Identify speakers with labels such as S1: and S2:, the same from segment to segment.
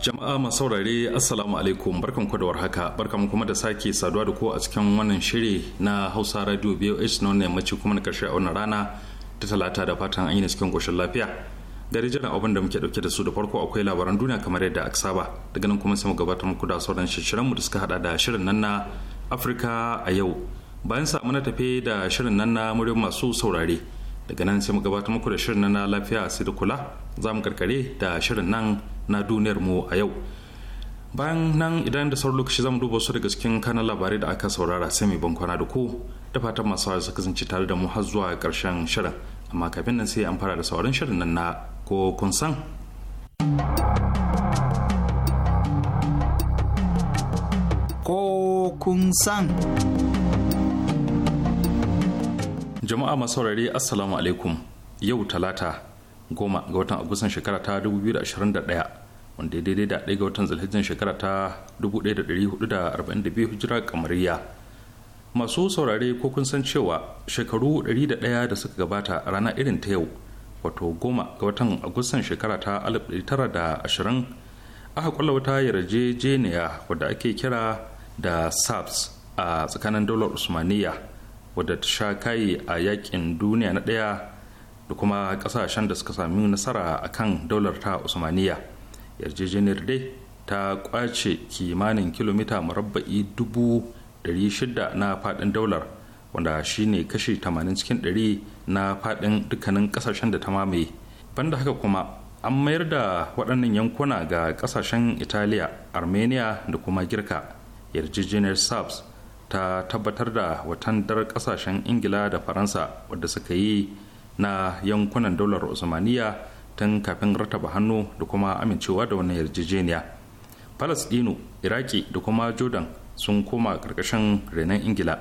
S1: Jama'a masu saurare Assalamu alaikum barkan ku da warhaka barkan kuma da sake saduwa da ku a cikin wannan shiri na Hausa Radio bos na wannan yammaci kuma na karshe a wannan rana ta talata da fatan an yi cikin koshin lafiya. Gari jiran abin da muke dauke da su da farko akwai labaran duniya kamar yadda aka saba daga nan kuma sai mu gabatar muku da sauran shirin mu da suka hada da shirin nan na Afirka a yau. Bayan samu na tafe da shirin nan na murin masu saurare daga nan sai mu gabatar muku da shirin nan na lafiya sai da kula za mu karkare da shirin nan na duniyar mu a yau bayan nan idan da sauran lokaci zamu duba su daga cikin kanan labarai da aka saurara sai mai bankwana da ku da fatan masu saurari su kasance tare da mu har zuwa karshen shirin amma kafin nan sai an fara da sauran shirin nan na ko kun san
S2: ko kun san
S1: jama'a masu saurari assalamu alaikum yau talata goma ga watan agustan shekara ta 2021 wanda ya daidai da ɗaya ga watan zalhijjan shekara ta 1442 hijira kamariya masu saurare ko kun san cewa shekaru 101 da suka gabata a rana irin ta yau wato goma ga watan agustan shekara ta 1920 aka kwallo wata yarjejeniya wadda ake kira da saps a tsakanin dolar usmaniya wadda ta sha kai a yakin duniya na ɗaya da kuma kasashen da suka sami nasara a kan daular ta usmaniya yarjejeniyar dai ta kwace kimanin kilomita murabba'i dubu na fadin daular wanda shine kashi 80 cikin 100 na fadin dukkanin kasashen da ta mamaye banda haka kuma an mayar da waɗannan yankuna ga kasashen italiya armenia da kuma girka yarjejeniyar sabs ta tabbatar da watan dar kasashen ingila da faransa wadda suka yi na yankunan daular usmaniya tun kafin rataba hannu da kuma amincewa da wannan yarjejeniya palestino iraki da kuma jordan sun koma ƙarƙashin renon ingila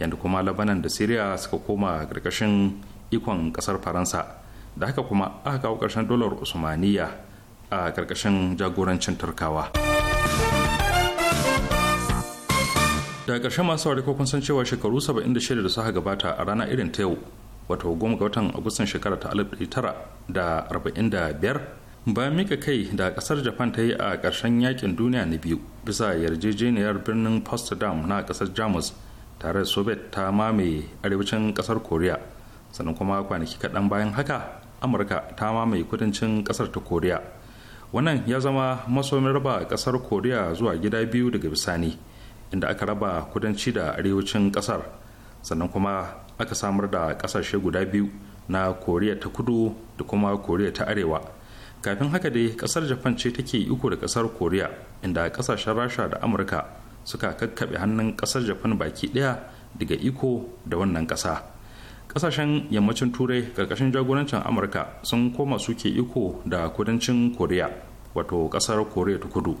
S1: yadda kuma labanan da syria suka koma ƙarƙashin ikon ƙasar faransa da haka kuma aka kawo ƙarshen dolar usmaniya a ƙarƙashin jagorancin turkawa daga ƙarshen masu ko kun san cewa shekaru 76 da suka gabata a rana irin ta yau wato goma ga watan agustan shekara ta alif da da arba'in biyar bayan mika kai da kasar japan ta yi a ƙarshen yakin duniya na biyu bisa yarjejeniyar birnin potsdam na kasar jamus tare da soviet ta mamaye arewacin kasar korea sannan kuma kwanaki kaɗan bayan haka amurka ta mamaye kudancin kasar ta korea wannan ya zama masomin raba kasar korea zuwa gida biyu daga bisani inda aka raba kudanci da arewacin kasar sannan kuma aka samar da kasashe guda biyu na koriya ta kudu da kuma koriya ta arewa kafin haka dai kasar japan ce take iko da kasar koriya inda kasashen rasha da amurka suka kakkaɓe hannun kasar japan baki ɗaya daga iko da wannan ƙasa kasashen yammacin turai karkashin jagorancin amurka sun koma suke iko da kudancin koriya wato kasar koriya ta kudu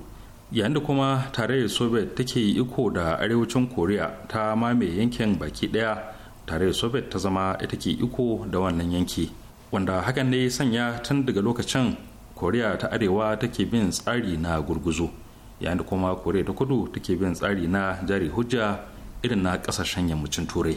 S1: yayin da kuma tarayyar soviet take iko da arewacin koriya ta mame yankin baki ɗaya tare da soviet ta zama ita ke iko da wannan yanki wanda hakan ne sanya tun daga lokacin koriya ta arewa take bin tsari na gurguzu yayin da kuma koriya ta kudu take bin tsari na jari hujja irin na kasashen yammacin turai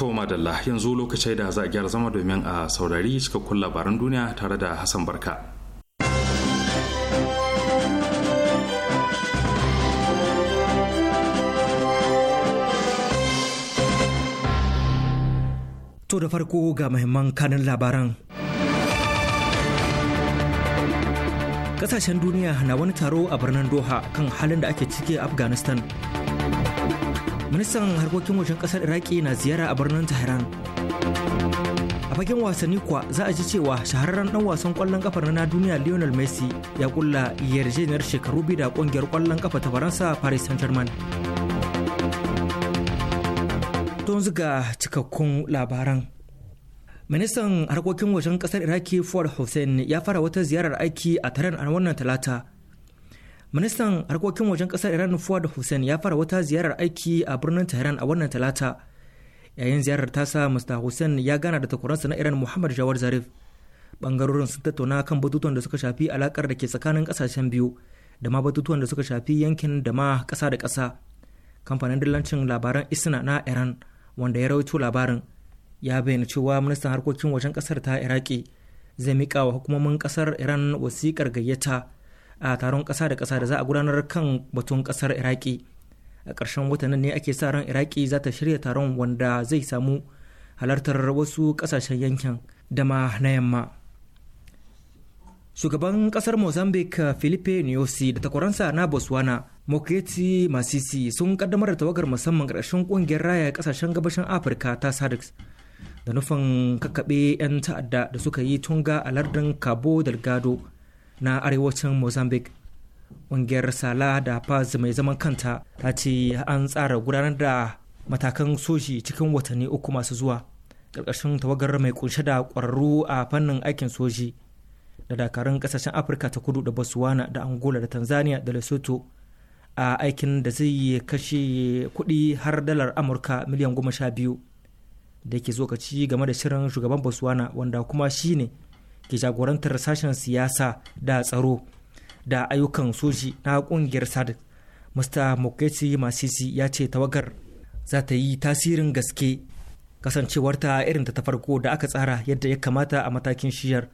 S1: To madalla yanzu lokacin da za a gyara zama domin a saurari cikakkun labaran duniya tare da Hassan Barka.
S3: To da farko ga mahimman kanin labaran. Kasashen duniya na wani taro a birnin Doha kan halin da ake ciki a Afghanistan. ministan harkokin wajen kasar iraki na ziyara a birnin tehran a fagen wasanni kuwa za a ji cewa shahararren dan wasan kwallon kafa na duniya lionel messi ya kulla yarjejeniyar shekaru biyu da kungiyar kwallon kafa ta faransa paris saint germain ziga cikakkun labaran ministan harkokin wajen kasar iraki fuad hussein ya fara wata ziyarar aiki a taren a wannan talata ministan harkokin wajen kasar iran fuad hussein ya fara wata ziyarar aiki a birnin tehran a wannan talata yayin ziyarar ta sa mr hussein ya gana da takwaransa na iran muhammad jawar zarif bangarorin sun tattauna kan batutuwan da suka shafi alakar da ke tsakanin kasashen biyu da ma batutuwan da suka shafi yankin da ma kasa da kasa kamfanin dillancin labaran isna na iran wanda ya rawaito labarin ya bayyana cewa ministan harkokin wajen kasar ta iraki zai mika wa hukumomin kasar iran wasikar gayyata a taron ƙasa da kasa da za a gudanar kan batun ƙasar iraki a ƙarshen watan ne ake sa ran iraki za ta shirya taron wanda zai samu halartar wasu ƙasashen yankin da na yamma shugaban ƙasar mozambique filipe nyusi da takwaransa na botswana moketi masisi sun kaddamar da tawagar musamman ƙarshen ƙungiyar raya ƙasashen gabashin afirka ta sadex da nufin kakkaɓe 'yan ta'adda da suka yi tunga a lardin cabo delgado na arewacin mozambique ƙungiyar sala da paz mai zaman kanta ta ce an tsara gudanar da matakan soji cikin watanni uku masu zuwa ƙarƙashin tawagar mai kunshe da ƙwararru a fannin aikin soji da dakarun ƙasashen afirka ta kudu da botswana da angola da tanzania da lesotho a aikin da zai kashe kuɗi har dalar amurka miliyan goma sha biyu da ke zokaci game da shirin shugaban botswana wanda kuma shine ne ke jagorantar sashen siyasa da tsaro da ayyukan soji na kungiyar sadc mr moketi masisi ya ce tawagar za ta yi tasirin gaske kasancewarta irin ta farko da aka tsara yadda ya kamata a matakin shiyar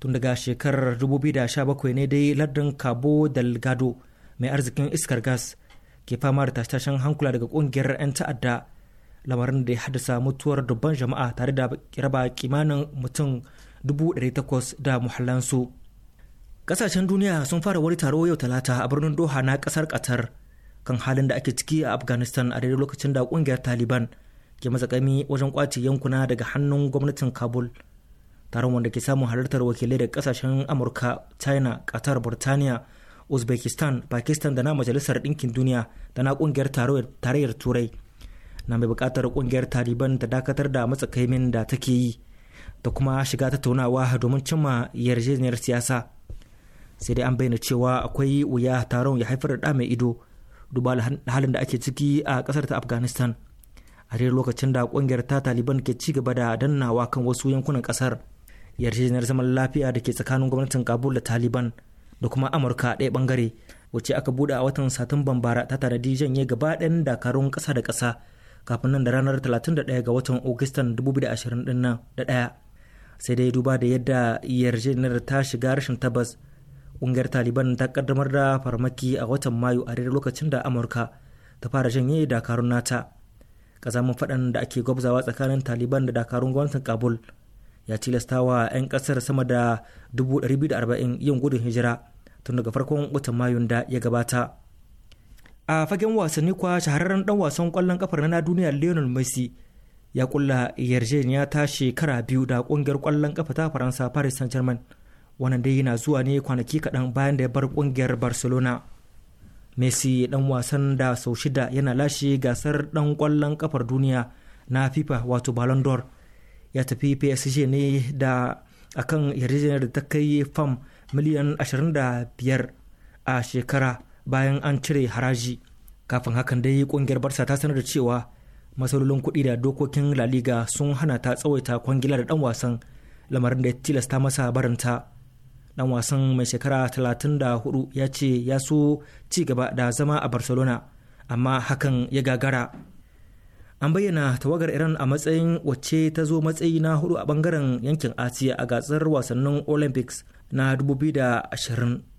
S3: tun daga shekarar 2017 ne dai lardin cabo delgado mai arzikin iskar gas ke fama da tashen hankula daga kungiyar 'yan ta'adda lamarin da ya haddasa mutuwar dubban jama'a tare da raba kimanin mutum 800 da muhallansu kasashen duniya sun fara wani taro yau talata a birnin doha na kasar qatar kan halin da ake ciki a afghanistan a daidai lokacin da kungiyar taliban ke matsakami wajen kwace yankuna daga hannun gwamnatin kabul taron wanda ke samun halartar wakilai daga kasashen amurka china qatar burtaniya uzbekistan pakistan da na majalisar ɗinkin duniya da na kungiyar tarayyar turai na mai buƙatar kungiyar taliban ta dakatar da matsakaimin da take yi da kuma shiga tattaunawa domin cimma yarjejeniyar siyasa sai dai an bayyana cewa akwai wuya taron ya haifar da mai ido duba halin da ake ciki a kasar ta afghanistan a dai lokacin da kungiyar ta taliban ke ci gaba da dannawa kan wasu yankunan kasar yarjejeniyar zaman lafiya da ke tsakanin gwamnatin kabul da taliban da kuma amurka ɗaya bangare wacce aka buɗe a watan satumban bara ta tanadi janye gaba ɗayan dakarun kasa da kasa kafin nan da ranar 31 ga watan agustan 2021 sai dai duba da yadda yarjejeniyar ta shiga rashin tabbas ƙungiyar taliban ta kaddamar da farmaki a watan mayu a daidai lokacin da amurka ta fara janye dakarun nata kazamin faɗan da ake gwabzawa tsakanin taliban da dakarun gwamnatin kabul ya tilasta wa 'yan ƙasar sama da 240 yin gudun hijira tun daga farkon watan mayun da ya gabata a fagen wasanni kwa shahararren dan wasan kwallon kafar na duniya lionel messi ya kulla yarjejeniya ta shekara biyu da kungiyar kwallon kafa ta faransa paris saint germain wannan dai yana zuwa ne kwanaki kaɗan bayan da ya bar kungiyar barcelona messi dan wasan da sau shida yana lashe gasar dan kwallon kafar duniya na fifa wato ballon d'or ya tafi psg ne da akan yarjejeniyar da ta kai fam miliyan 25 a shekara bayan an cire haraji kafin hakan dai kungiyar barsa ta sanar da cewa matsalolin kuɗi da dokokin laliga sun hana ta tsawaita kwangila da ɗan wasan lamarin da ya tilasta masa baranta. Ɗan wasan mai shekara 34 ya ce ya so ci gaba da zama a Barcelona amma hakan ya gagara. An bayyana tawagar Iran a matsayin wacce ta zo matsayi na hudu a bangaren yankin Asiya a gasar wasannin Olympics na 2020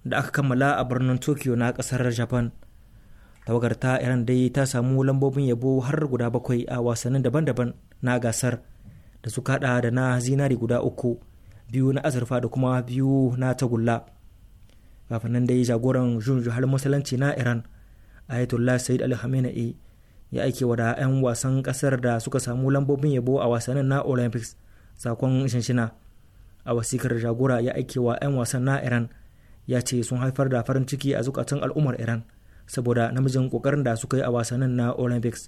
S3: da aka kammala a birnin Tokyo na kasar Japan. tawagar ta iran dai ta samu lambobin yabo har guda bakwai a wasannin daban-daban na gasar da suka kada da na zinari guda uku biyu na azurfa da kuma biyu na tagulla kafin nan dai jagoran junju har musulunci na iran ayatollah said al khamenei ya aikewa da 'yan wasan kasar da suka samu lambobin yabo a wasannin na olympics sakon shinshina a wasikar jagora ya aikewa 'yan wasan na iran ya ce sun haifar da farin ciki a zukatan al'ummar iran saboda namijin kokarin da suka yi a wasannin na olympics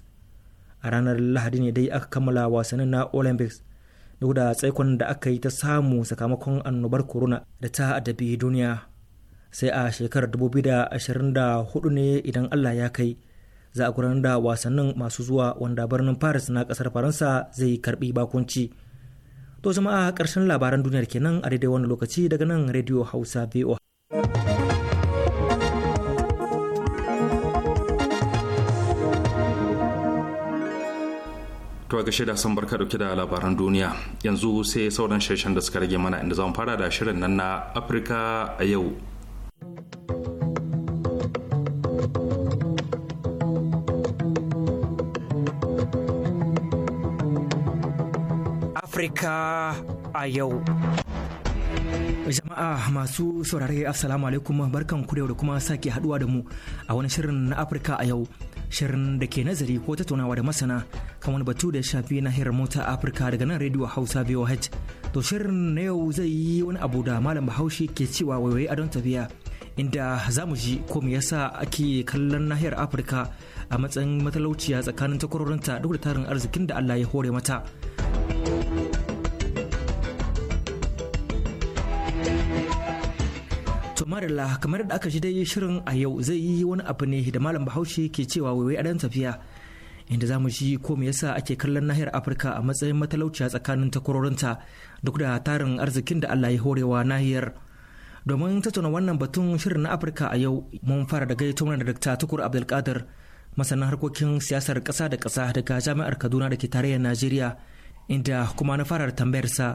S3: a ranar lahadi ne dai aka kammala wasannin na olympics duk da tsaikon da aka yi ta samu sakamakon annobar corona da ta adabi duniya sai a shekarar 2024 ne idan allah ya kai za a gudanar da wasannin masu zuwa wanda birnin paris na kasar faransa zai karbi bakunci to jama'a karshen labaran duniyar kenan a daidai wani lokaci daga nan radio hausa voa
S1: Tawar ga da san barka dauke da labaran duniya yanzu sai sauran sheshen da suka rage mana inda zamu fara da shirin nan na Afirka a yau.
S3: Afirka a yau. Jama'a masu saurare Assalamu alaikum barkan ku da kuma sake haduwa da mu a wani shirin na Afirka a yau. shirin da ke nazari ko tattaunawa da masana kan wani batu da ya shafi nahiyar mota afirka daga nan rediyo hausa voh to shirin na yau zai yi wani abu da malam bahaushe ke cewa waiwaye a don tafiya inda za mu ji ko me yasa ake kallon nahiyar afirka a matsayin matalauciya tsakanin takwarorinta duk da tarin arzikin da allah ya hore mata marilla kamar da aka ji dai shirin a yau zai yi wani abu ne da malam bahaushe ke cewa waiwai a dan tafiya inda za mu ji ko me yasa ake kallon nahiyar afirka a matsayin matalauciya tsakanin takwarorinta duk da tarin arzikin da allah ya horewa nahiyar domin tattauna wannan batun shirin na afirka a yau mun fara da gaito mana da dr tukur abdulkadir masanin harkokin siyasar kasa da kasa daga jami'ar kaduna da ke tarayyar najeriya inda kuma na fara tambayarsa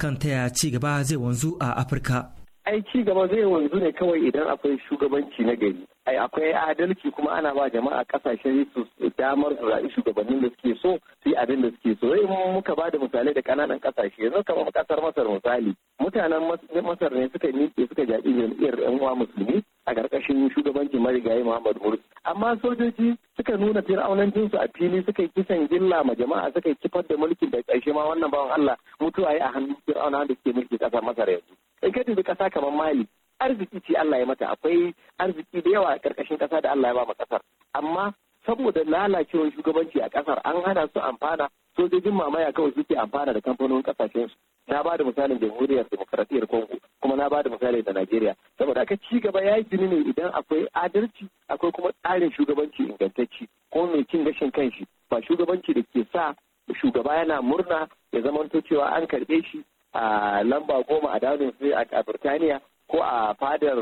S3: kan taya ci gaba zai wanzu a afirka
S4: ai ci gaba zai wanzu ne kawai idan akwai shugabanci na gari ai akwai adalci kuma ana ba jama'a kasashe su damar su zaɓi shugabannin da suke so su yi abin da suke so sai eh, muka ba da misalai da kananan kasashe yanzu kamar kasar masar misali mutanen masar ne suka miƙe suka jaɓi jam'iyyar yan uwa musulmi a ƙarƙashin shugabancin marigayi muhammad mursi amma sojoji suka nuna fir'aunancin su a fili suka yi kisan gilla ma jama'a suka yi kifar da mulkin da ƙarshe ma wannan bawan allah mutuwa yi a hannun fir'auna da suke mulki ƙasar masar yanzu in ka dubi ƙasa kamar mali arziki ce Allah ya mata akwai arziki da yawa a ƙarƙashin ƙasa da Allah ya ba ma ƙasar amma saboda lalacewar shugabanci a kasar an hana su amfana sojojin mamaya kawai suke amfana da kamfanonin ƙasashen su na ba da misalin jamhuriyar demokaratiyyar congo kuma na ba da misalin da nigeria saboda haka ci gaba ya jini ne idan akwai adalci akwai kuma tsarin shugabanci ingantacci ko mai cin gashin kanshi ba shugabanci da ke sa shugaba yana murna ya zamanto cewa an karɓe shi a lamba goma a downing a birtaniya ko a fadar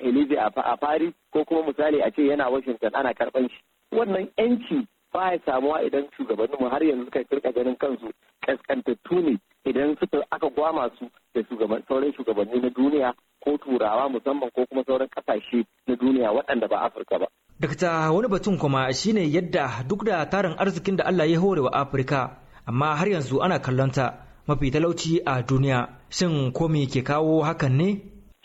S4: elize a paris ko kuma misali a ce yana washington ana karban shi wannan yanci ba ya samuwa idan shugabanninmu har yanzu suka kirka ganin kansu kaskantattu ne idan suka aka gwama su da sauran shugabanni na duniya ko turawa musamman ko kuma sauran kasashe na duniya waɗanda ba afirka ba
S3: Dakta wani batun kuma shine yadda duk da tarin arzikin da Allah ya hore wa Afirka amma har yanzu ana kallonta mafi talauci a duniya shin ko ke kawo hakan ne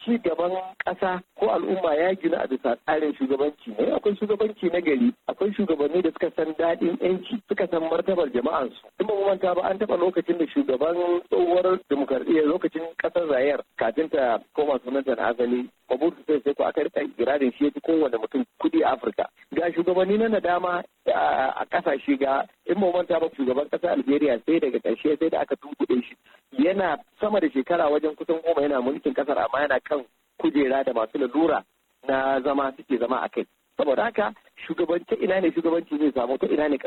S3: ci gaban
S4: ƙasa ko al'umma ya gina a bisa tsarin shugabanci ne akwai shugabanci na gari akwai shugabanni da suka san daɗin yanci suka san martabar jama'ansu in ba mu manta ba an taɓa lokacin da shugaban tsohuwar dimokuraɗiyya lokacin ƙasar zayar kafin ta koma sunanta na azali Mobutu sai sai ko aka riƙa giradin shi ya ci kowane mutum kuɗi a Afirka ga shugabanni na nadama a ƙasashe ga in ba manta ba shugaban ƙasar Algeria sai daga ƙarshe sai da aka tunkuɗe shi yana sama da shekara wajen kusan goma yana mulkin kasar amma yana kan kujera da masu lalura na zama suke zama a kai saboda haka shugabanci ina ne shugabanci zai samu ta ina ne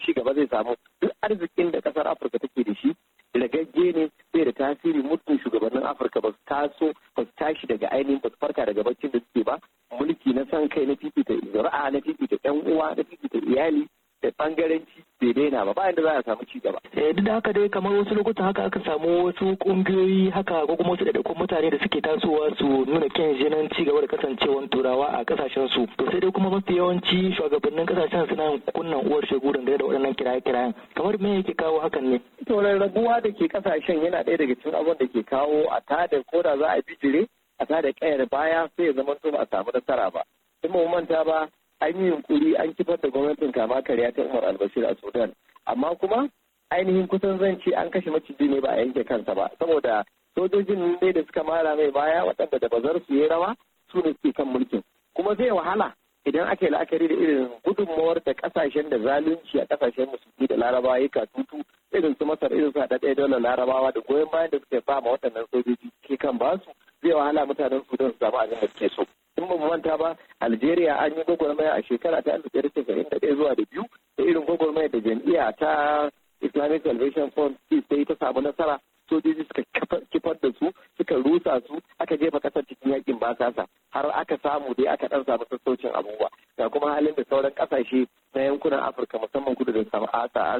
S4: ci gaba eh, zai samu duk arzikin da kasar afirka take da shi ragagge ne sai da tasiri mutum shugabannin afirka ba su taso ba su tashi daga ainihin ba su farka daga baccin da suke ba mulki na san kai na fifita zura'a na fifita yan uwa na fifita iyali da bangaranci bai daina ba ba inda za a samu ci gaba. Eh, duk da haka dai kamar wasu lokutan haka aka samu wasu kungiyoyi haka ko kuma wasu ɗaiɗaikun mutane da suke tasowa su nuna kyan jinan ci gaba da kasancewan turawa a kasashen su to sai dai kuma mafi yawanci shugabannin kasashen suna kunnan uwar shegu da da waɗannan kiraye-kirayen kamar me yake kawo hakan ne. to raguwa da ke kasashen yana ɗaya daga cikin abin da ke kawo a tada ko da za a bijire a tada kayar baya sai ya zama to ba a samu nasara ba. in mu manta ba an yi yunkuri an kifar da gwamnatin kama karya ta umar albashir a sudan amma kuma ainihin kusan zanci an kashe maciji ne ba a yanke kansa ba saboda sojojin ne da suka mara mai baya waɗanda da bazar su yi rawa su ne suke kan mulkin kuma zai wahala idan aka yi la'akari da irin gudunmawar da kasashen da zalunci a kasashen musulmi da larabawa ya katutu irin su masar irin su haɗa ɗaya dole larabawa da goyon bayan da suka ba ma waɗannan sojoji ke kan basu zai wahala mutanen sudan su zama abin da suke so in ba manta ba algeria an yi gwagwarmaya a shekara ta alif ɗari casa'in da ɗaya zuwa da biyu da irin gwagwarmaya da jam'iyya ta islamic salvation fund ta yi ta samu nasara sojoji suka kifar da su suka rusa su aka jefa kasar cikin yakin basasa har aka samu dai aka ɗan samu sassaucin abubuwa ga kuma halin da sauran kasashe na yankunan afirka musamman kudu da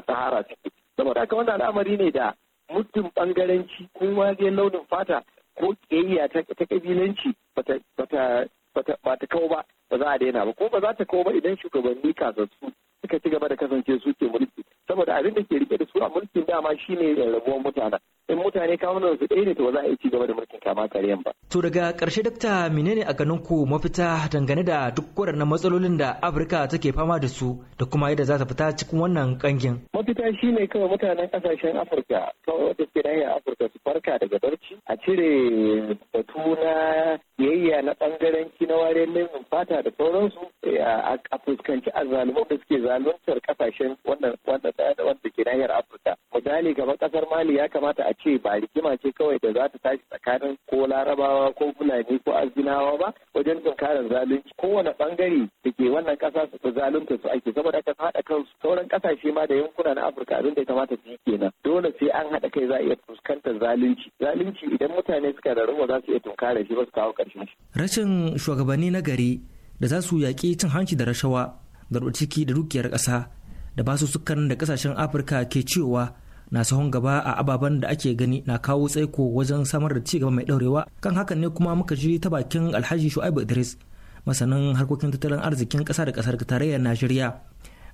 S4: sahara suke saboda haka wannan al'amari ne da muddin bangaranci kuma zai launin fata ko kiyayya ta kabilanci bata ba ta kawo ba ba za a daina ba ko ba za ta kawo ba idan shugabanni kasassu suka ci gaba da kasance su ke mulki saboda abin da ke rike da su a mulkin dama shine rabuwar mutanen in mutane kawunan su ɗaya ne to za a yi ci gaba da mulkin kama kariyan ba.
S3: To daga ƙarshe dakta ne a ganin ku mafita dangane da duk waɗannan matsalolin da Afirka take fama da su da kuma yadda za ta fita cikin wannan ƙangin. Mafita
S4: shine kawai mutanen kasashen Afirka kawai wata ke nahiyar Afirka su farka daga barci a cire batu na biyayya na bangaranci na ware neman fata da sauransu eh, a fuskanci azzaluman da suke zaluntar kasashen wannan wanda wanda ke nahiyar Afirka. Misali kamar kasar Mali ya kamata a ce ba rigima ce kawai da za ta tashi tsakanin ko Larabawa ko Fulani ko Azinawa ba wajen tunkarar zalunci kowane bangare da ke wannan kasa su zalunta su ake saboda aka haɗa kansu sauran kasashe ma da yankuna na Afirka abin da ya kamata su yi kenan dole sai an haɗa kai za a iya fuskantar zalunci zalunci idan mutane suka rarraba za su iya tunkarar shi ba su kawo
S3: Rashin shugabanni na gari da za su yaƙi cin hanci da rashawa da ciki da dukiyar ƙasa da su sukarin da ƙasashen Afirka ke cewa na sahun gaba a ababen da ake gani na kawo tsaiko wajen samar da ci gaba mai ɗaurewa kan hakan ne kuma muka ji ta bakin Alhaji Shu'aibu Idris masanin harkokin tattalin arzikin ƙasa da ƙasar tarayyar Najeriya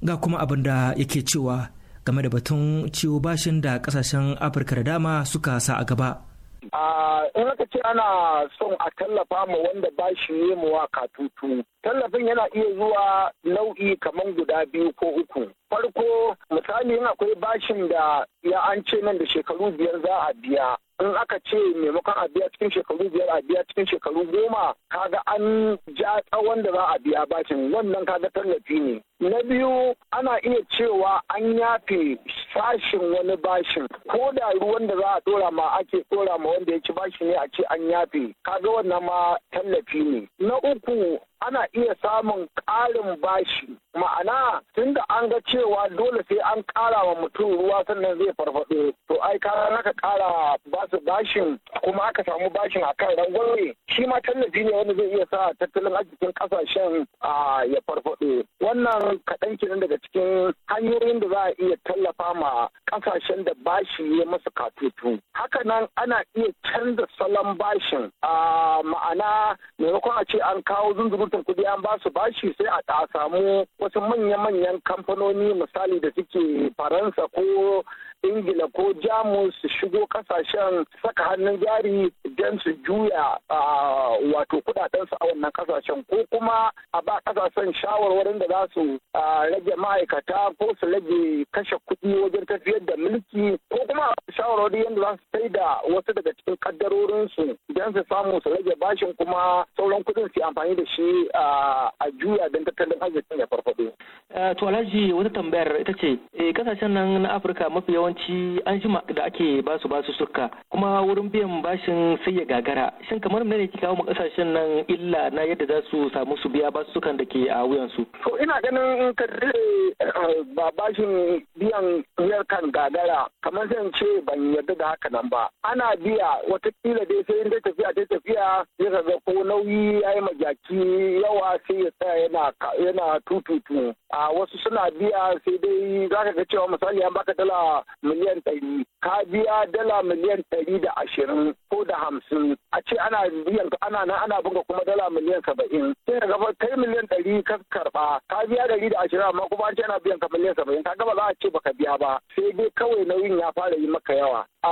S3: ga kuma abin da yake cewa game da batun ciwo bashin da ƙasashen Afirka da dama suka sa a gaba. in
S5: aka ce ana son a tallafa ma wanda ba shi yemuwa katutu tallafin yana iya zuwa nau'i kamar guda biyu ko uku farko misali in akwai bashin da ya an ce nan da shekaru biyar za a biya in aka ce maimakon a biya cikin shekaru biyar a biya cikin shekaru goma kaga an ja tsawon da za a biya bashin wannan kaga tallafi ne na biyu ana iya cewa an yafe sashin wani bashin ko da ruwan da za a dora ma ake dora ma wanda ya ci bashi ne a ce an yafe kaga wannan ma tallafi ne na uku ana iya samun ƙarin bashi ma'ana tunda an ga cewa dole sai an ƙara wa mutum ruwa sannan zai farfaɗo to ai kara naka ƙara basu bashin kuma aka samu bashin a kan rangwame shi ma tallafi ne wanda zai iya sa tattalin arzikin ƙasashen ah, ya farfaɗo wannan kaɗan kenan daga cikin hanyoyin da za a iya tallafa ma ƙasashen da bashi ya masa katutu nan, ana iya canza salon bashin a ma'ana maimakon a ce an kawo zunzurutun kuɗi an ba su bashi sai a samu wasu manya-manyan kamfanoni misali da suke faransa ko ingila ko jamus su shigo kasashen saka hannun jari don su juya wato kudadensu a wannan kasashen ko kuma a ba kasashen shawarwarin da za su rage ma'aikata ko su rage kashe kuɗi wajen tafiyar da mulki ko kuma shawarwari yadda za su sai da wasu daga cikin kaddarorinsu don su samu su rage bashin kuma sauran kuɗin su amfani da shi a juya don
S4: tattalin arzikin ya farfado? Eh, to alhaji wata tambayar ita ce eh, kasashen nan na afirka mafi yawan yawanci an jima da ake basu basu suka kuma wurin biyan bashin sai ya gagara shin kamar mene ke kawo kasashen nan illa na yadda za su samu su biya basu sukan da ke a wuyan su
S5: to ina ganin in ka eh, ba bashin biyan wuyar kan gagara kamar zan ce ban yarda da haka nan ba ana biya watakila dai sai dai tafiya dai tafiya ya ga ko nauyi ya yi majaki yawa sai ya tsaya yana yana tututu a wasu suna biya sai dai zaka ga cewa misali an baka dala miliyan ɗari ka biya dala miliyan ɗari da ashirin ko da hamsin a ce ana biyan ana nan ana buga kuma dala miliyan saba'in sai ka gaba kai miliyan ɗari ka karɓa ka biya ɗari da ashirin amma kuma an ce ana biyan ka miliyan saba'in ka gaba za a ce ka biya ba sai dai kawai nauyin ya fara yi maka yawa a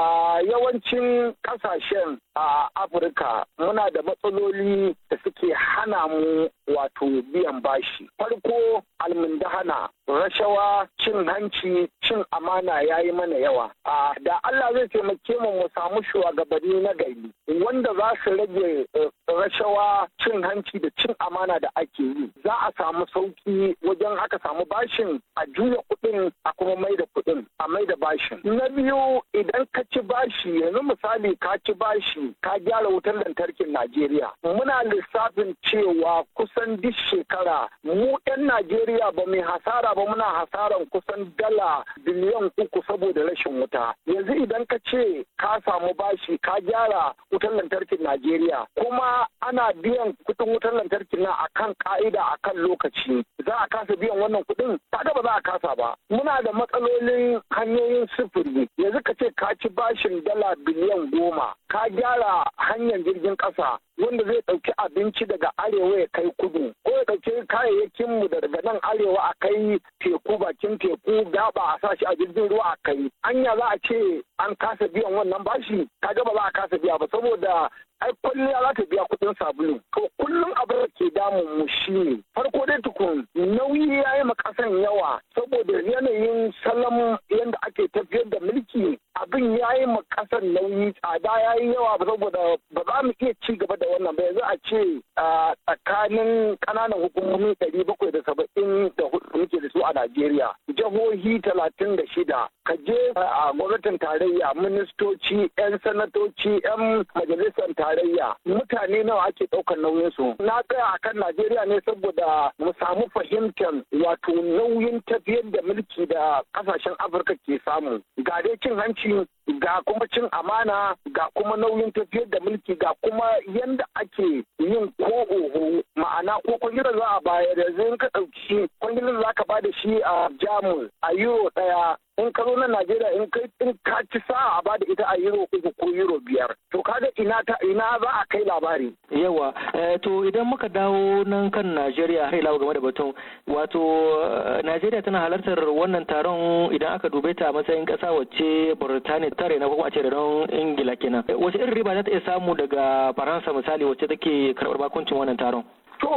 S5: yawancin kasashen a afirka muna da matsaloli da suke hana mu wato biyan bashi farko almundahana rashawa cin hanci cin amana ya yi mana yawa. A da Allah zai taimake mu mu samu shugabanni na gari wanda za su rage eh, rashawa cin hanci da cin amana da ake yi. Za a samu sauki wajen aka samu bashin a juya kuɗin a kuma mai da kuɗin a mai da bashin. Na biyu idan ka ci bashi yanzu misali ka ci bashi ka gyara wutar lantarkin Najeriya. Muna lissafin cewa kusan duk shekara mu 'yan Najeriya ba mai hasara ba muna hasaran kusan dala biliyan uku saboda saboda rashin wuta yanzu idan ka ce ka samu bashi ka gyara wutar lantarkin Najeriya kuma ana biyan kudin wutar lantarkin nan akan ka'ida akan lokaci za a kasa biyan wannan kuɗin kaga ba za a kasa ba muna da matsalolin hanyoyin sufuri yanzu ka ce ka ci bashin dala biliyan goma ka gyara hanyar jirgin ƙasa wanda zai ɗauki abinci daga arewa ya kai kudu ko ya ɗauki kayayyakin mu daga nan arewa a kai teku bakin teku gaba a sashi a jirgin ruwa a kai anya za a ce an kasa biyan wannan bashi Ka ba za a kasa biya ba saboda ai kwalliya za ta biya kuɗin sabulu to kullum abin da ke damun mu shine farko dai tukun nauyi ya yi makasan yawa saboda yanayin salamu yadda ake tafiyar da mulki abin ya yi ma kasar nauyi tsada ya yi yawa saboda ba za mu iya ci gaba da wannan ba yanzu a ce a tsakanin kananan hukumomi ɗari bakwai da saba'in da hudu muke da su a Najeriya jihohi talatin da shida ka je a gwamnatin tarayya ministoci 'yan sanatoci 'yan majalisar tarayya mutane nawa ake ɗaukar nauyin su na tsaya a kan Najeriya ne saboda mu samu fahimtar wato nauyin tafiyar da mulki da ƙasashen Afirka ke samu ga dai cin hanci mulki ga kuma cin amana ga kuma nauyin tafiyar da mulki ga kuma yanda ake yin ko oho ma'ana ko kwangilar za a bayar yanzu in ka ɗauki kwangilar za ka bada shi a jamus a euro ɗaya in ka zo na Najeriya in ka in ka ci sa'a a bada ita a euro uku ko euro biyar to kaga ina ta ina
S4: za a kai labari yawa eh, to idan muka dawo nan kan Najeriya har ila game da batun wato eh, Najeriya tana halartar wannan taron idan aka dube ta a matsayin kasa wacce Burtaniya ta rena kuma a ce don Ingila kenan wace irin riba za ta iya samu daga Faransa misali wacce take karɓar bakuncin wannan taron
S5: To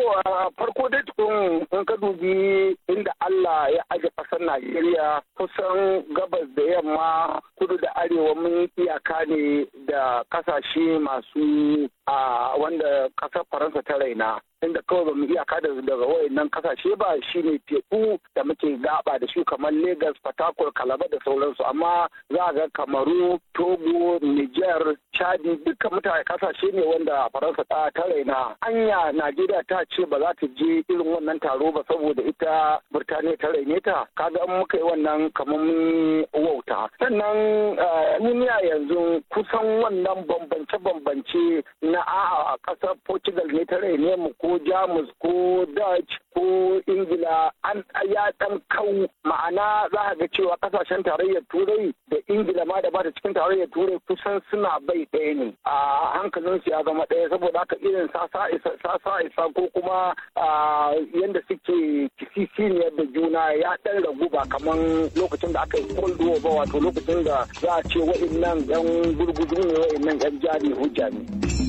S5: farko dai tukun in ka dubi inda Allah ya aje ƙasar Najeriya kusan gabas da yamma kudu da arewa mun iyaka ne da ƙasashe masu a wanda kasar faransa ta raina inda kawai ba mu iyaka da daga wayannan kasashe ba shine teku da muke gaba da shi kamar Legas, Fatakwal, Kalaba da sauransu amma za ga Kamaru, Togo, Niger, Chadi duka mutane kasashe ne wanda Faransa ta raina. Anya Najeriya ta ce ba za ta je irin wannan taro ba saboda ita Birtaniya ta raine ta kaga an muka yi wannan kamar wauta. Sannan duniya eh, yanzu kusan wannan bambance-bambance na a kasar portugal ne ta raine mu ko jamus ko dutch ko ingila an ya dan kau ma'ana za a ga cewa kasashen tarayyar turai da ingila ma da ba ta cikin tarayyar turai kusan suna bai ɗaya ne a hankalin su ya zama ɗaya saboda haka irin sasa isa ko kuma yadda suke kisisiniyar da juna ya ɗan ragu ba kamar lokacin da aka yi cold war ba wato lokacin da za a ce wa'in nan yan gurgudu ne wa'in nan yan jari hujja ne.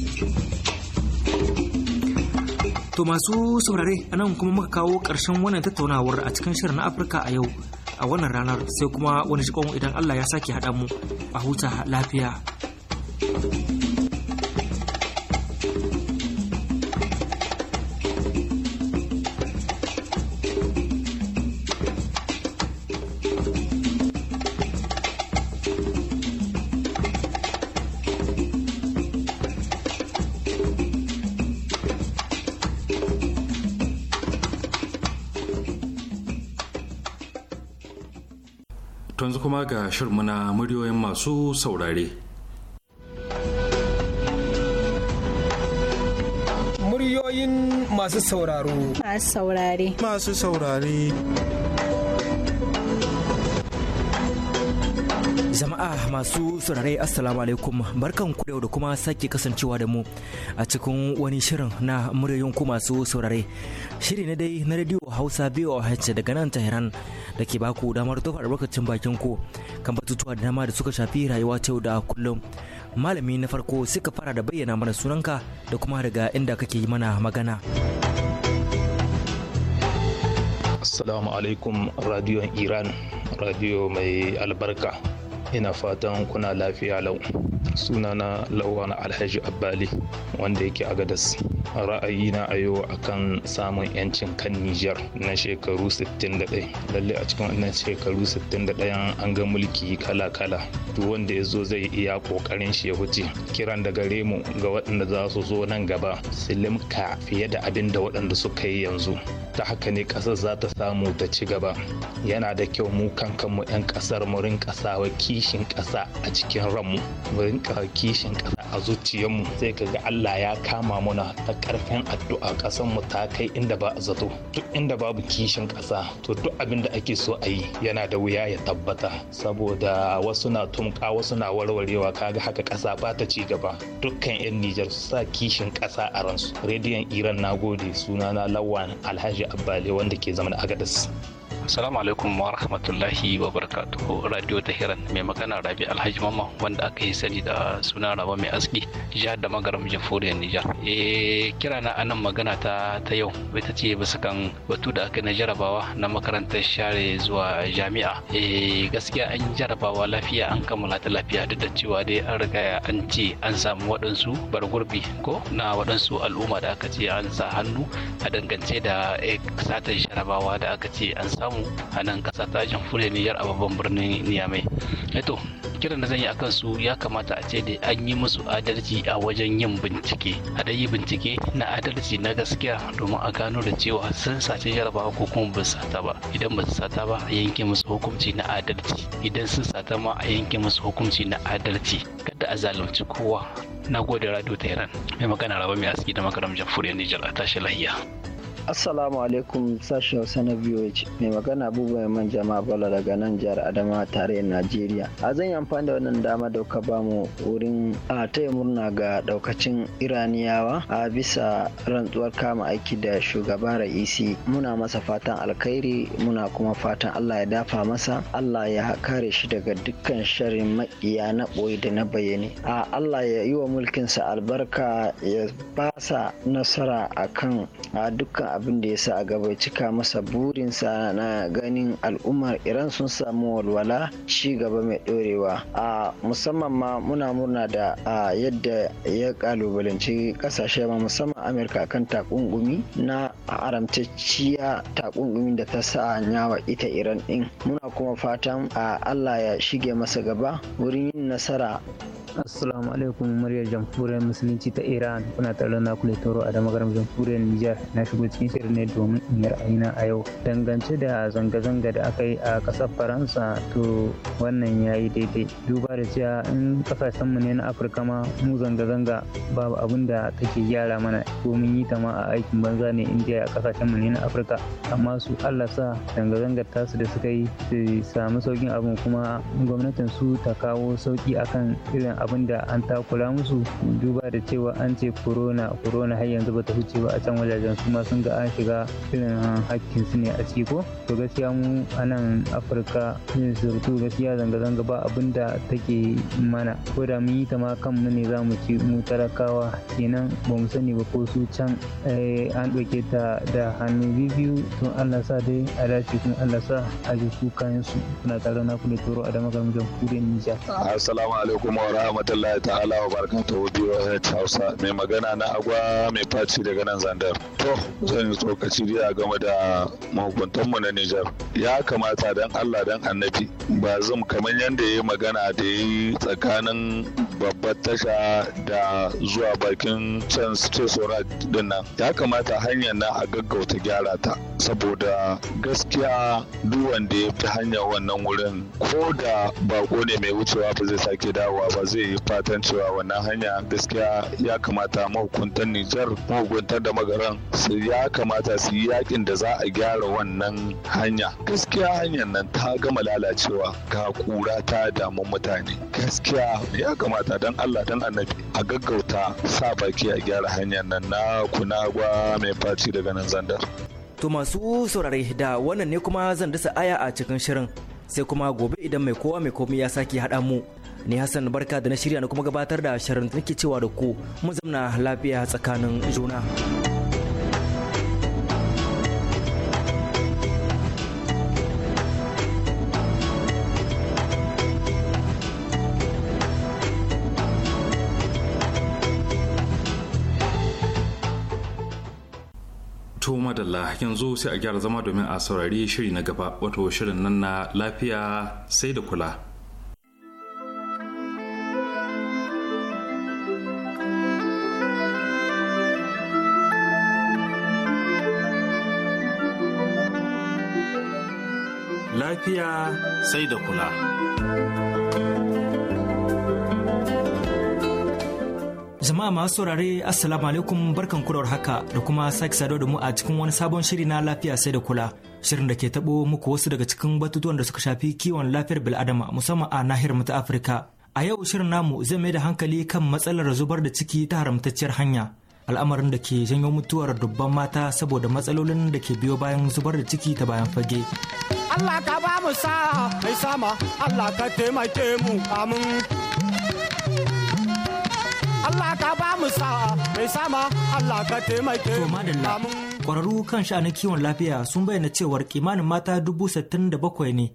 S3: To masu saurare a nan kuma muka kawo ƙarshen wannan tattaunawar a cikin shirin na Afirka a yau a wannan ranar sai kuma wani jikon idan Allah ya sake haɗa mu a huta lafiya.
S1: shirmu na muryoyin masu saurare.
S2: Muryoyin masu sauraro. Masu saurare.
S3: Masu saurare. jama'a masu saurare assalamu alaikum barkan ku da kuma sake kasancewa da mu a cikin wani shirin na muryoyin ku masu saurare shiri na dai na radio hausa biyu a daga nan tehran da ke baku damar tofa albarkacin bakin ku kan batutuwa da dama da suka shafi rayuwa ta yau da kullum. Malami na farko suka fara da bayyana mana sunanka da kuma daga inda kake yi mana magana.
S6: Assalamu alaikum radiyon Iran, radiyo mai albarka. ina fatan kuna lafiya lau sunana lawan alhaji abbali wanda yake agadas ra'ayina a yau akan samun yancin kan nijar na shekaru 61 lalle a cikin wannan shekaru 61 an ga mulki kala-kala duk wanda ya zo zai iya kokarin shi ya huce kiran da gare mu ga waɗanda za su zo nan gaba su limka fiye da abin da waɗanda suka yi yanzu ta haka ne ƙasar za ta samu ta ci gaba yana da kyau mu kankanmu 'yan ƙasar mu rinka sawa kishin ƙasa a cikin ranmu mu rinka kishin ƙasa a zuciyarmu sai ka ga Allah ya kama muna ta ƙarfin addu'a ƙasar mu ta kai inda ba a zato duk inda babu kishin ƙasa to duk abin da ake so a yi yana da wuya ya tabbata saboda wasu na tumka wasu na warwarewa kaga haka ƙasa ba ta ci gaba dukkan 'yan Nijar su sa kishin ƙasa a ransu rediyon Iran nagode sunana Lawan Alhaji ambaliya wanda ke zama na Agadas. Assalamu alaikum wa rahmatullahi wa barakatuhu Radio Tahiran mai magana Rabi Alhaji Mamman wanda aka yi sani da suna Raba mai aski jihar da magaram jamhuriyar Nijar. Eh kira na anan magana ta ta yau ita ce bisa kan batu da aka na jarabawa na makarantar share zuwa jami'a. Eh gaskiya an jarabawa lafiya an kammala ta lafiya duk da cewa dai an riga an ce an samu waɗansu bargurbi ko na waɗansu al'umma da aka ce an sa hannu a dangance da eh, satan jarabawa da aka ce an samu samu a nan kasa ta fure Nijar a babban birnin niyamai Eto, kiran da zan yi akan su ya kamata a ce da an yi musu adalci a wajen yin bincike. A dai yi bincike na adalci na gaskiya domin a gano da cewa sun sace jarabawa ko kuma ba sata ba. Idan ba sata ba a yanke musu hukunci na adalci. Idan sun sata ma a yanke musu hukunci na adalci. Kada a zalunci kowa. Na gode Radio Tehran. Mai magana raba mai aski da makaram jamhuriyar Nijar a tashi lahiya.
S7: Assalamu alaikum sashen Hausa na VOH mai magana ya manja bala daga nan jihar Adama tarayyar Najeriya. A zan yi amfani da wannan dama da ka bamu wurin a taya murna ga daukacin Iraniyawa a bisa rantsuwar kama aiki da shugaba ra'isi muna masa fatan Alkairi, muna kuma fatan Allah ya dafa masa Allah ya kare shi daga dukkan sharrin makiya na boye da na bayyane. A Allah ya yi wa mulkinsa albarka ya ba sa nasara akan a dukkan abin da ya sa a gaba cika masa burinsa na ganin al'ummar iran sun samu walwala shi gaba mai ɗorewa a musamman ma muna murna da yadda ya kalubalanci kasashe ma musamman amurka kan takungumi na haramtacciya takungumi da ta sa nyawa ita iran din muna kuma fatan a allah ya shige masa gaba wurin yin nasara
S2: Assalamu alaikum muryar jamhuriyar musulunci ta Iran kuna tare na kula toro a damagaran jamhuriyar Nijar na shigo cikin shirin ne domin in yi ra'ayina a yau dangance da zanga-zanga da aka yi a ƙasar Faransa to wannan ya yi daidai duba da cewa in kasashen mu ne na Afirka ma mu zanga-zanga babu abin da take gyara mana ko mun yi ta ma a aikin banza ne indiya a kasashen mu ne na Afirka amma su Allah sa zanga-zangar tasu da suka yi su sami saukin abin kuma gwamnatin su ta kawo sauki akan irin abin da an takura musu duba da cewa an ce korona korona har yanzu bata huce ba a can wajajen su ma sun ga an shiga irin hakkin su ne a ciki ko to gaskiya mu a nan afirka yin surutu gaskiya zanga-zanga ba abin da take mana ko da mun yi ta ma kanmu ne za mu ci mu talakawa kenan ba mu sani ba ko su can eh, an ɗauke ta da hannu biyu tun allah sa dai a dace tun allah sa a ji su kayan su suna tare na ku toro a damar jamhuriyar nija.
S8: assalamu alaikum wa rahmatullahi ta'ala wa barakatuhu BOH Hausa mai magana na agwa mai faci daga nan Zandar. To zan yi tsokaci a game da mahukuntanmu na Nijar. Ya kamata dan Allah dan annabi ba zum kamar yadda ya yi magana da ya yi tsakanin babbar tasha da zuwa bakin can Stesora din nan. Ya kamata hanyar na a gaggauta gyara ta saboda gaskiya duk wanda ya fi hanyar wannan wurin ko da bako ne mai wucewa ba zai sake dawowa ba zai yi fatan cewa wannan hanya gaskiya ya kamata mahukuntan Nijar mahukuntar da magaran su ya kamata su yi yakin da za a gyara wannan hanya gaskiya hanyar nan ta gama lalacewa ga kura ta damu mutane gaskiya ya kamata don Allah don annabi a gaggauta sa baki a gyara hanyar nan na kunagwa mai faci daga nan zandar. To masu
S3: saurare da wannan ne kuma zan dasa aya a cikin shirin sai kuma gobe idan mai kowa mai komai ya sake haɗa mu ni Hassan barka da na shirya na kuma gabatar da shirin nake cewa da ku mu zamna lafiya tsakanin juna.
S1: madalla yanzu sai a gyara zama domin a saurari shiri na gaba wato shirin nan na lafiya sai da kula.
S3: lafiya sai da kula. Jama'a masu saurare Assalamu alaikum barkan kudar haka da kuma sake sadar da mu a cikin wani sabon shiri na lafiya sai da kula. Shirin da ke taɓo muku wasu daga cikin batutuwan da suka shafi kiwon lafiyar bil'adama musamman a nahiyar mu ta Afirka. A yau shirin namu zai mai da hankali kan matsalar zubar da ciki ta haramtacciyar hanya. al'amarin da ke janyo mutuwar dubban mata saboda matsalolin da ke biyo bayan zubar da ciki ta bayan fage.
S9: Allah ka ba mu sa mai sama
S3: Allah ka taimake mu amin.
S9: Allah ka ba mu sa
S3: mai sama Allah ka taimake mu amin. Kwararru kan sha'anin kiwon lafiya sun bayyana cewar kimanin mata dubu sittin da bakwai ne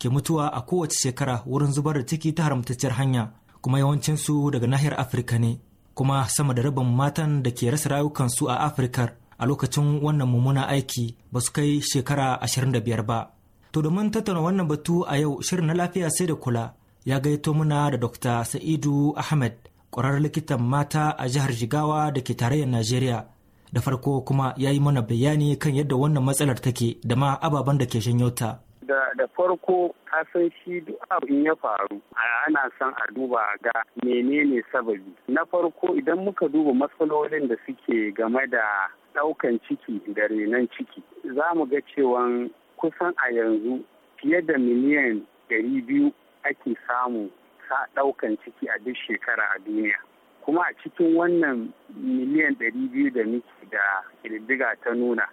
S3: ke mutuwa a kowace shekara wurin zubar da ciki ta haramtacciyar hanya kuma yawancinsu daga nahiyar Afirka ne. kuma sama da rabin matan da ke rasa rayukansu a afirka a lokacin wannan mummunan aiki ba su kai shekara ashirin da biyar ba to domin tattauna wannan batu a yau shirin na lafiya sai da kula ya gaito muna da dr sa'idu ahmed ƙwarar likitan mata a jihar jigawa da ke tarayyar najeriya da farko kuma ya yi mana bayani kan yadda wannan matsalar take da ma ababen da ke janyo ta
S9: da da farko san shi duk abu in ya faru ana son a duba ga menene sababi na farko idan muka duba matsalolin da suke game da ɗaukan ciki da renon ciki za mu ga cewa kusan a yanzu fiye da miliyan ɗari biyu ake samu sa ɗaukan ciki a duk shekara a duniya kuma a cikin wannan miliyan ɗari da muke da ƙididdiga ta nuna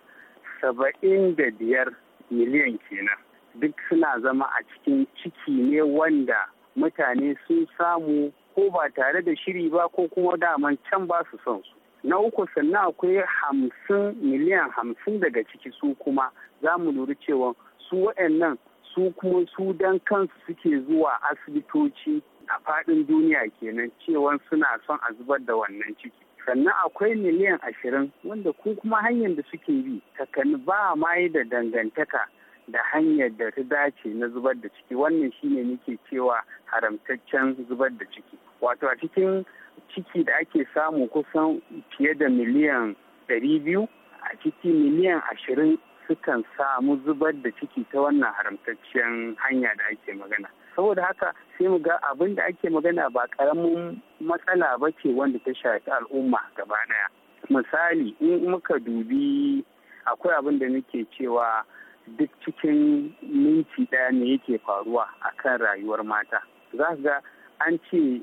S9: saba'in da biyar miliyan kenan duk suna zama a cikin ciki ne wanda mutane sun samu ko ba tare da shiri ba ko kuma daman can ba su son su na uku sannan akwai hamsin miliyan hamsin daga ciki su kuma za mu lura cewa su waɗannan su kuma su dan kansu suke zuwa asibitoci a faɗin duniya kenan cewa suna son a zubar da wannan ciki sannan akwai miliyan ashirin wanda ku kuma hanyar da suke bi takan ba ma da dangantaka da hanyar da ta dace na zubar da ciki wannan shine nake cewa haramtaccen zubar da ciki wato a cikin ciki da ake samu kusan fiye da miliyan 200 a ciki miliyan 20 sukan samu zubar da ciki ta wannan haramtaccen hanya da ake magana saboda haka sai mu ga abin da ake magana ba karamin matsala ba ce wanda ta shafi al'umma gaba daya misali in muka dubi akwai abin da nake cewa duk cikin minti ɗaya ne yake faruwa a kan rayuwar mata za ga an ce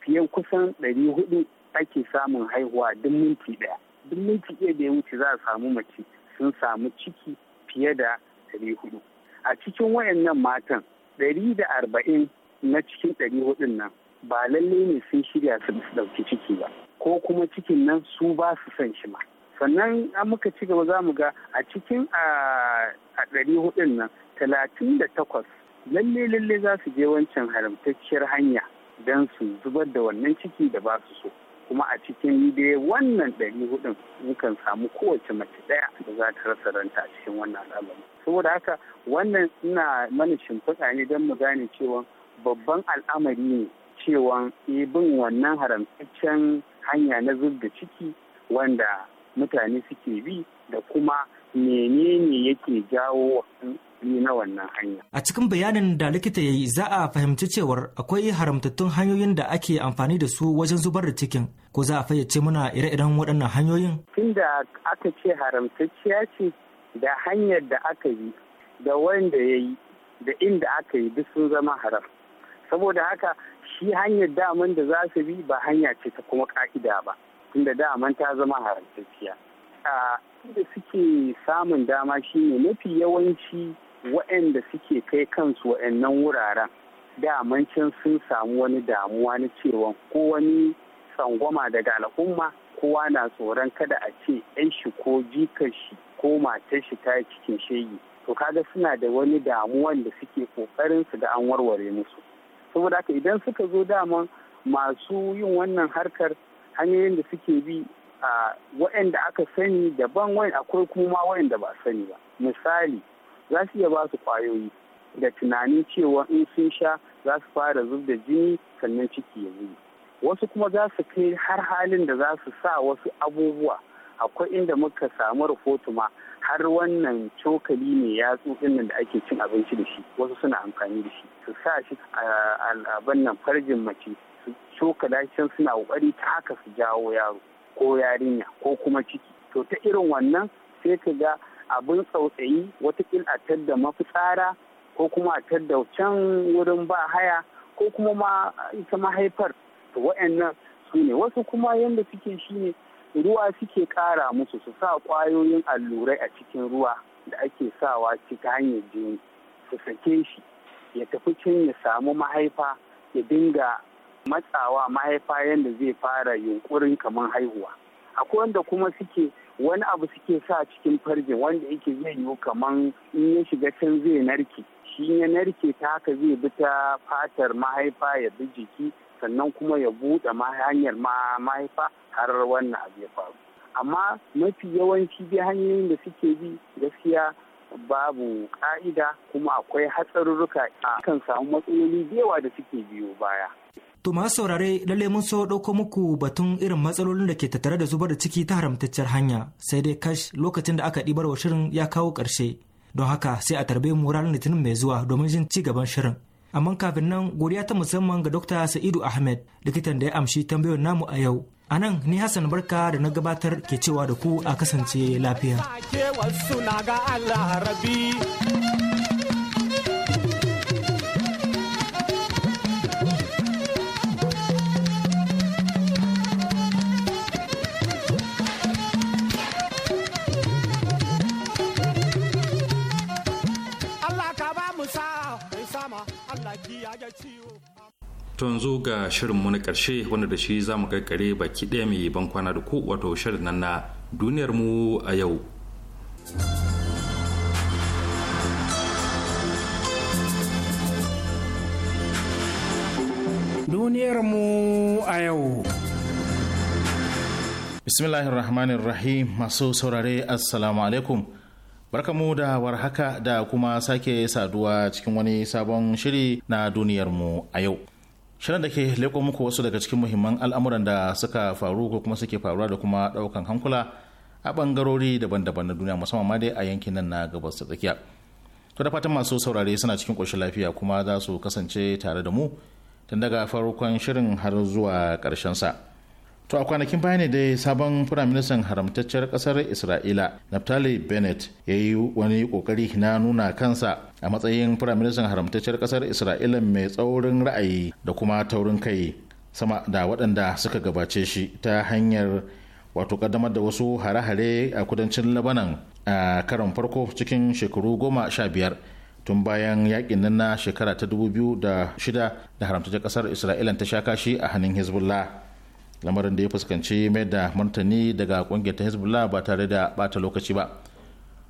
S9: fiye kusan ɗari hudu ake samun haihuwa duk minti ɗaya duk minti ɗaya da ya wuce za a samu mace sun samu ciki fiye da ɗari hudu a cikin wayannan matan ɗari da arba'in na cikin ɗari hudun nan ba lallai ne sun shirya su ɗauki ciki ba ko kuma cikin nan su ba su son shi ma sannan an muka ci gaba za mu ga a cikin a ɗari hudun nan talatin da takwas lalle lalle za su je wancan haramtacciyar hanya don su zubar da wannan ciki da ba su so kuma a cikin dai wannan ɗari hudun mukan samu kowace mace ɗaya da za ta rasa ranta a cikin wannan al'amari saboda haka wannan ina mana shimfiɗa ne don mu gane cewa babban al'amari ne cewa eh, bin wannan haramtaccen hanya na zub da ciki wanda mutane suke bi da kuma menene yake jawo na wannan hanya.
S3: A cikin bayanin da likita ya yi za a fahimci cewar akwai haramtattun hanyoyin da ake amfani da su wajen zubar da cikin ko za a fayyace muna ire-iren waɗannan hanyoyin?
S9: Tunda aka ce haramtacciya ce da hanyar da aka yi da wanda ya yi da inda aka yi duk sun zama haram. Saboda haka shi hanyar daman da za su bi ba hanya ce ta kuma ka'ida ba. tunda daman ta zama haramtacciya a da suke samun dama shine mafi yawanci waɗanda suke kai kansu waɗannan wuraren daman can sun samu wani damuwa na cewa ko wani tsangwama daga al'umma kowa na tsoron kada a ce ɗan shi ko jikar shi ko matar shi ta cikin shegi to kaga suna da wani damuwan da suke kokarin su da an warware musu saboda haka idan suka zo daman masu yin wannan harkar hanyoyin da suke bi a waɗanda aka sani daban wayan akwai kuma waɗanda ba sani ba misali za su iya ba su kwayoyi da tunanin cewa in sun sha za su fara zub da jini sannan ciki ya zubi wasu kuma za su kai har halin da za su sa wasu abubuwa akwai inda muka samu rahoto ma har wannan cokali ne ya nan da ake cin abinci da shi wasu suna amfani da shi su sa shi a abin nan farjin mace so suna kokari ta haka su jawo yaro ko yarinya ko kuma ciki to ta irin wannan sai ka ga abin tsautsayi watakila a tadda mafitsara ko kuma a tadda can wurin ba haya ko kuma ma ita mahaifar to wa'annan su ne wasu kuma yadda suke shine ruwa suke kara musu su sa kwayoyin allurai a cikin ruwa da ake sawa cika hanyar jini su sake shi ya tafi can ya samu mahaifa ya dinga matsawa mahaifa yadda zai fara yunkurin kamar haihuwa akwai wanda kuma suke wani abu suke sa cikin farjin wanda yake zai yiwu kamar in ya shiga can zai narke shi ya narke ta haka zai bi ta fatar mahaifa ya bi jiki sannan kuma ya buɗe hanyar mahaifa har wannan abu ya faru amma mafi yawanci dai hanyoyin da suke bi gaskiya babu ka'ida kuma akwai hatsarurruka a kan samu matsaloli da yawa da
S7: suke biyo
S3: baya To masu saurare lalle mun so ɗauko muku batun irin matsalolin da ke tattare da zubar da ciki ta haramtacciyar hanya sai dai kash lokacin da aka ɗibar wa shirin ya kawo ƙarshe. Don haka sai a tarbe mu ranar litinin mai zuwa domin jin ci gaban shirin. Amma kafin nan godiya ta musamman ga Dokta Sa'idu Ahmed likitan da ya amshi tambayar namu a yau. A nan ni Hassan Barka da na gabatar ke cewa da ku a kasance lafiya.
S1: to yanzu ga shirinmu na ƙarshe wanda da shi za mu karkare baki ɗaya mai ban kwana da ku wato shirin nan na duniyar a yau
S10: duniyar a yau Rahim masu saurare assalamu alaikum Barkamu da warhaka da kuma sake saduwa cikin wani sabon shiri na duniyarmu a yau. shirin da ke leko muku wasu daga cikin muhimman al'amuran da suka faru ko kuma suke faruwa da kuma ɗaukan hankula a bangarori daban-daban na duniya musamman ma dai a yankin nan na gabas ta tsakiya to da fatan masu saurare suna cikin ƙoshin lafiya kuma za su kasance tare da mu tun daga farkon shirin har zuwa ƙarshen sa. To a kwanakin baya ne dai sabon firaministan haramtacciyar kasar Isra'ila Naftali Bennett ya yi wani kokari na nuna kansa a matsayin firaministan haramtacciyar kasar Isra'ila mai tsaurin ra'ayi da kuma taurin kai sama da waɗanda suka gabace shi ta hanyar wato kaddamar da wasu hare-hare a kudancin Labanan a karon farko cikin shekaru goma sha biyar tun bayan yakin nan na shekara ta 2006 da haramtacciyar kasar Isra'ila ta sha kashi a hannun Hezbollah. lamarin da ya fuskanci mai da martani daga kungiyar ta hezbollah ba tare da bata lokaci ba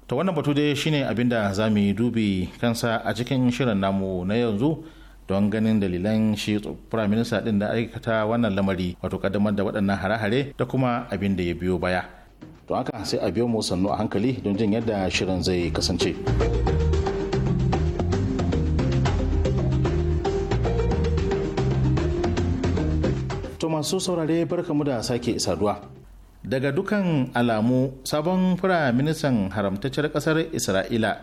S10: ta wannan batu dai shine abin da za mu dubi kansa a cikin shirin namu na yanzu don ganin dalilan shi prime minister din da aikata wannan lamari wato kaddamar da waɗannan hare-hare da kuma abin da ya biyo baya to haka sai a biyo mu sannu a hankali don jin yadda shirin zai kasance. masu saurare barkamu da sake saduwa. Daga dukan alamu sabon fura ministan haramtacciyar kasar Isra'ila,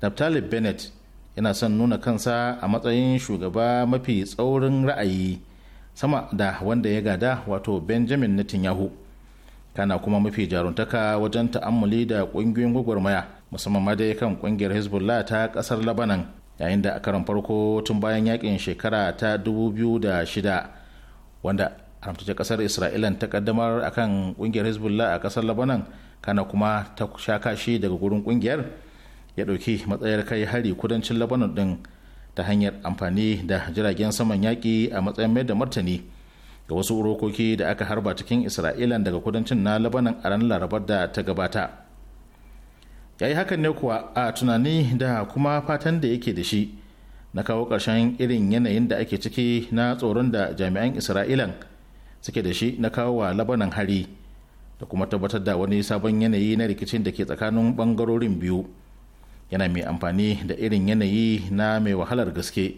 S10: Naftali Bennett, yana son nuna kansa a matsayin shugaba mafi tsaurin ra'ayi sama da wanda ya gada wato Benjamin Netanyahu. Kana kuma mafi jaruntaka wajen ta'ammuli da ƙungiyoyin gwagwarmaya musamman ma dai kan ƙungiyar Hezbollah ta ƙasar Labanan yayin da a karon farko tun bayan yakin shekara ta 2006 wanda haramtaccen kasar isra'ilan ta kaddamar kan kungiyar hezbollah a kasar labanan kana kuma ta sha kashi daga gurin kungiyar ya dauki matsayar kai hari kudancin labanan din ta hanyar amfani da jiragen saman yaƙi a matsayin mai da martani ga wasu urokoki da aka harba cikin isra'ilan daga kudancin na labanan a ranar larabar da ta gabata ya yi hakan ne kuwa a tunani da kuma fatan da yake da shi na kawo ƙarshen irin yanayin da ake ciki na tsoron da jami'an isra'ilan suke da shi na kawo wa labanan hari da kuma tabbatar da wani sabon yanayi na rikicin da ke tsakanin bangarorin biyu yana mai amfani da irin yanayi na mai wahalar gaske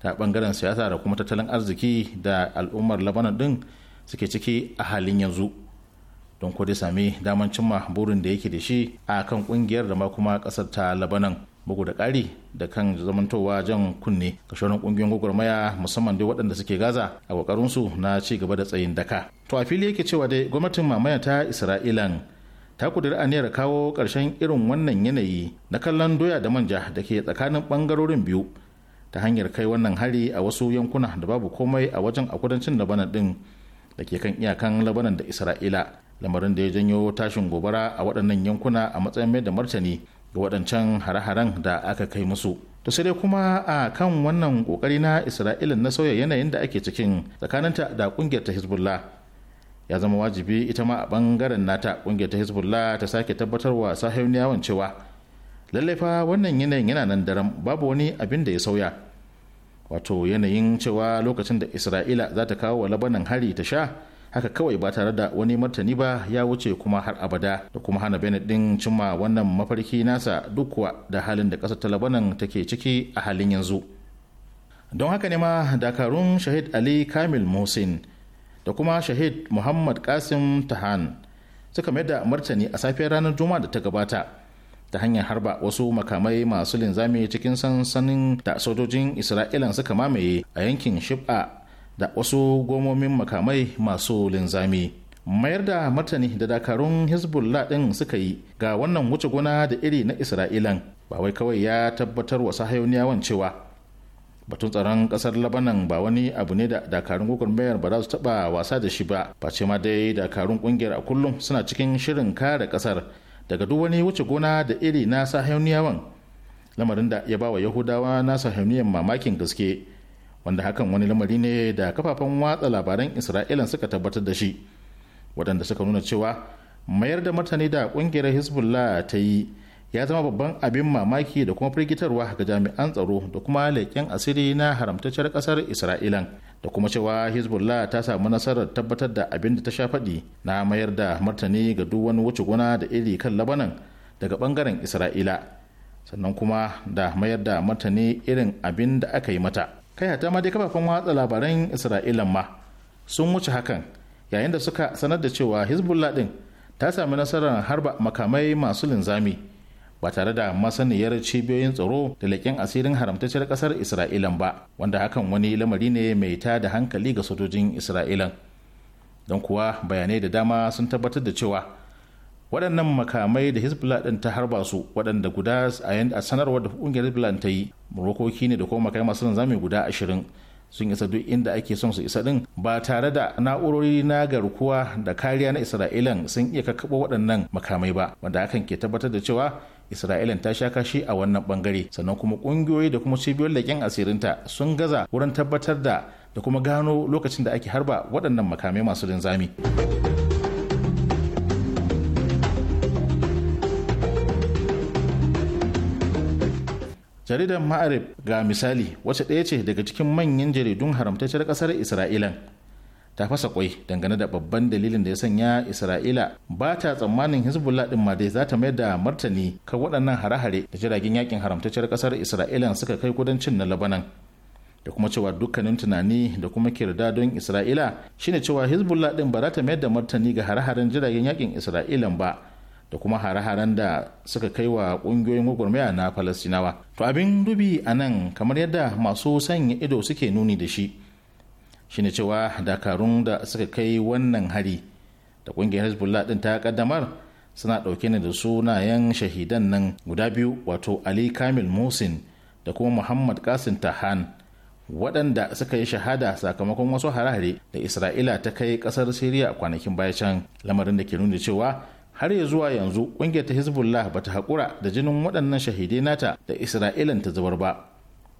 S10: ta bangaren siyasa da kuma tattalin arziki da al'ummar labanan din suke ciki a halin yanzu don kodai sami daman cimma burin da yake da shi a kan kungiyar da ma kuma kasar ta labanan bugu da ƙari da kan zamantowa jan kunne ga shauran ƙungiyoyin gwagwarmaya musamman dai waɗanda suke gaza a ƙoƙarinsu na ci gaba da tsayin daka to a fili yake cewa dai gwamnatin mamaya ta isra'ilan ta kudiri aniyar kawo ƙarshen irin wannan yanayi na kallon doya da manja da ke tsakanin ɓangarorin biyu ta hanyar kai wannan hari a wasu yankuna da babu komai a wajen a kudancin labanan ɗin da ke kan iyakan labanan da isra'ila lamarin da ya janyo tashin gobara a waɗannan yankuna a matsayin mai da martani ga waɗancan hare-haren da aka kai musu to sai dai kuma a kan wannan kokari na isra'ila na sauya yanayin da ake cikin tsakaninta da kungiyar ta hezbollah ya zama wajibi ita ma a ɓangaren nata kungiyar ta hezbollah ta sake tabbatarwa sahiyoniyawan cewa lallai fa wannan yanayin yana nan daram babu wani abin da ya sauya wato yanayin cewa lokacin da isra'ila za ta kawo wa labanan hari ta sha haka kawai ba tare da wani martani ba ya wuce kuma har abada da kuma hana benin din cimma wannan mafarki nasa duk kuwa da halin da ƙasar ta labanan take ciki a halin yanzu don haka ne ma dakarun shahid ali kamil musin da kuma shahid muhammad kasim tahan suka mai da martani a safiyar ranar juma'a da ta gabata ta hanyar harba wasu makamai masu linzami cikin sansanin da sojojin isra'ilan suka mamaye a yankin shib'a da wasu gomomin makamai masu linzami mayar da martani da dakarun hezbollah din suka yi ga wannan wuce gona da iri na isra'ilan ba wai kawai ya tabbatar wa sahayoniyawan cewa batun tsaron kasar labanan ba wani abu ne da dakarun gwagwarmayar ba za su taba wasa da shi ba face ma dai dakarun kungiyar a kullum suna cikin shirin kare kasar daga duk wani wuce gona da iri na sahayoniyawan lamarin da ya ba wa yahudawa na sahayoniyan mamakin gaske wanda hakan wani lamari ne da kafafen watsa labaran isra'ila suka tabbatar da shi waɗanda suka nuna cewa mayar da martani da ƙungiyar hezbollah ta yi ya zama babban abin mamaki da kuma firgitarwa ga jami'an tsaro da kuma leƙen asiri na haramtacciyar ƙasar isra'ilan da kuma cewa hezbollah ta samu nasarar tabbatar da abin da ta sha faɗi na mayar da martani ga duk wani wuce guna da iri kan labanan daga bangaren isra'ila sannan kuma da mayar da martani irin abin da aka yi mata kai hata ma dai kafafen watsa labaran isra'ila ma sun wuce hakan yayin da suka sanar da cewa hezbollah din ta sami nasarar harba makamai masu linzami ba tare da masaniyar cibiyoyin tsaro da leƙen asirin haramtacciyar ƙasar isra'ilan ba wanda hakan wani lamari ne mai ta da hankali ga sojojin isra'ilan don kuwa bayanai da dama sun tabbatar da cewa waɗannan makamai da hezbollah ɗin ta harba su waɗanda guda a sanarwar da ƙungiyar hezbollah ta yi rokoki ne da kuma makamai masu zame guda ashirin sun isa duk inda ake son su isa ɗin ba tare da na'urori na garkuwa da kariya na isra'ilan sun iya kakkaɓo waɗannan makamai ba wanda hakan ke tabbatar da cewa isra'ilan ta sha kashi a wannan bangare sannan kuma ƙungiyoyi da kuma cibiyoyin leƙen asirinta sun gaza wurin tabbatar da da kuma gano lokacin da ake harba waɗannan makamai masu linzami. jaridar ma'arib ga misali wacce ɗaya ce daga cikin manyan jaridun haramtacciyar ƙasar isra'ilan ta fasa kwai dangane da babban dalilin da ya sanya isra'ila ba ta tsammanin hezbollah din ma dai za ta mayar da martani kan waɗannan hare-hare da jiragen yakin haramtacciyar ƙasar isra'ila suka kai kudancin na labanan da kuma cewa dukkanin tunani da kuma kirda don isra'ila shine cewa hezbollah din ba za ta mayar da martani ga hare-haren jiragen yakin isra'ilan ba da kuma hare-haren da suka kai wa kungiyoyin gwagwarmaya na falastinawa to abin dubi a nan kamar yadda masu sanya ido suke nuni da shi shine cewa dakarun da suka kai wannan hari da kungiyar hezbollah din ta kaddamar suna ɗauke ne da sunayen shahidan nan guda biyu wato ali kamil musin da kuma muhammad kasim tahan waɗanda suka yi shahada sakamakon wasu hare-hare da isra'ila ta kai ƙasar siriya kwanakin baya can lamarin da ke nuna cewa har ya zuwa yanzu kungiyar ta hezbollah ba ta haƙura da jinin waɗannan shahidai nata da isra'ilan ta zubar ba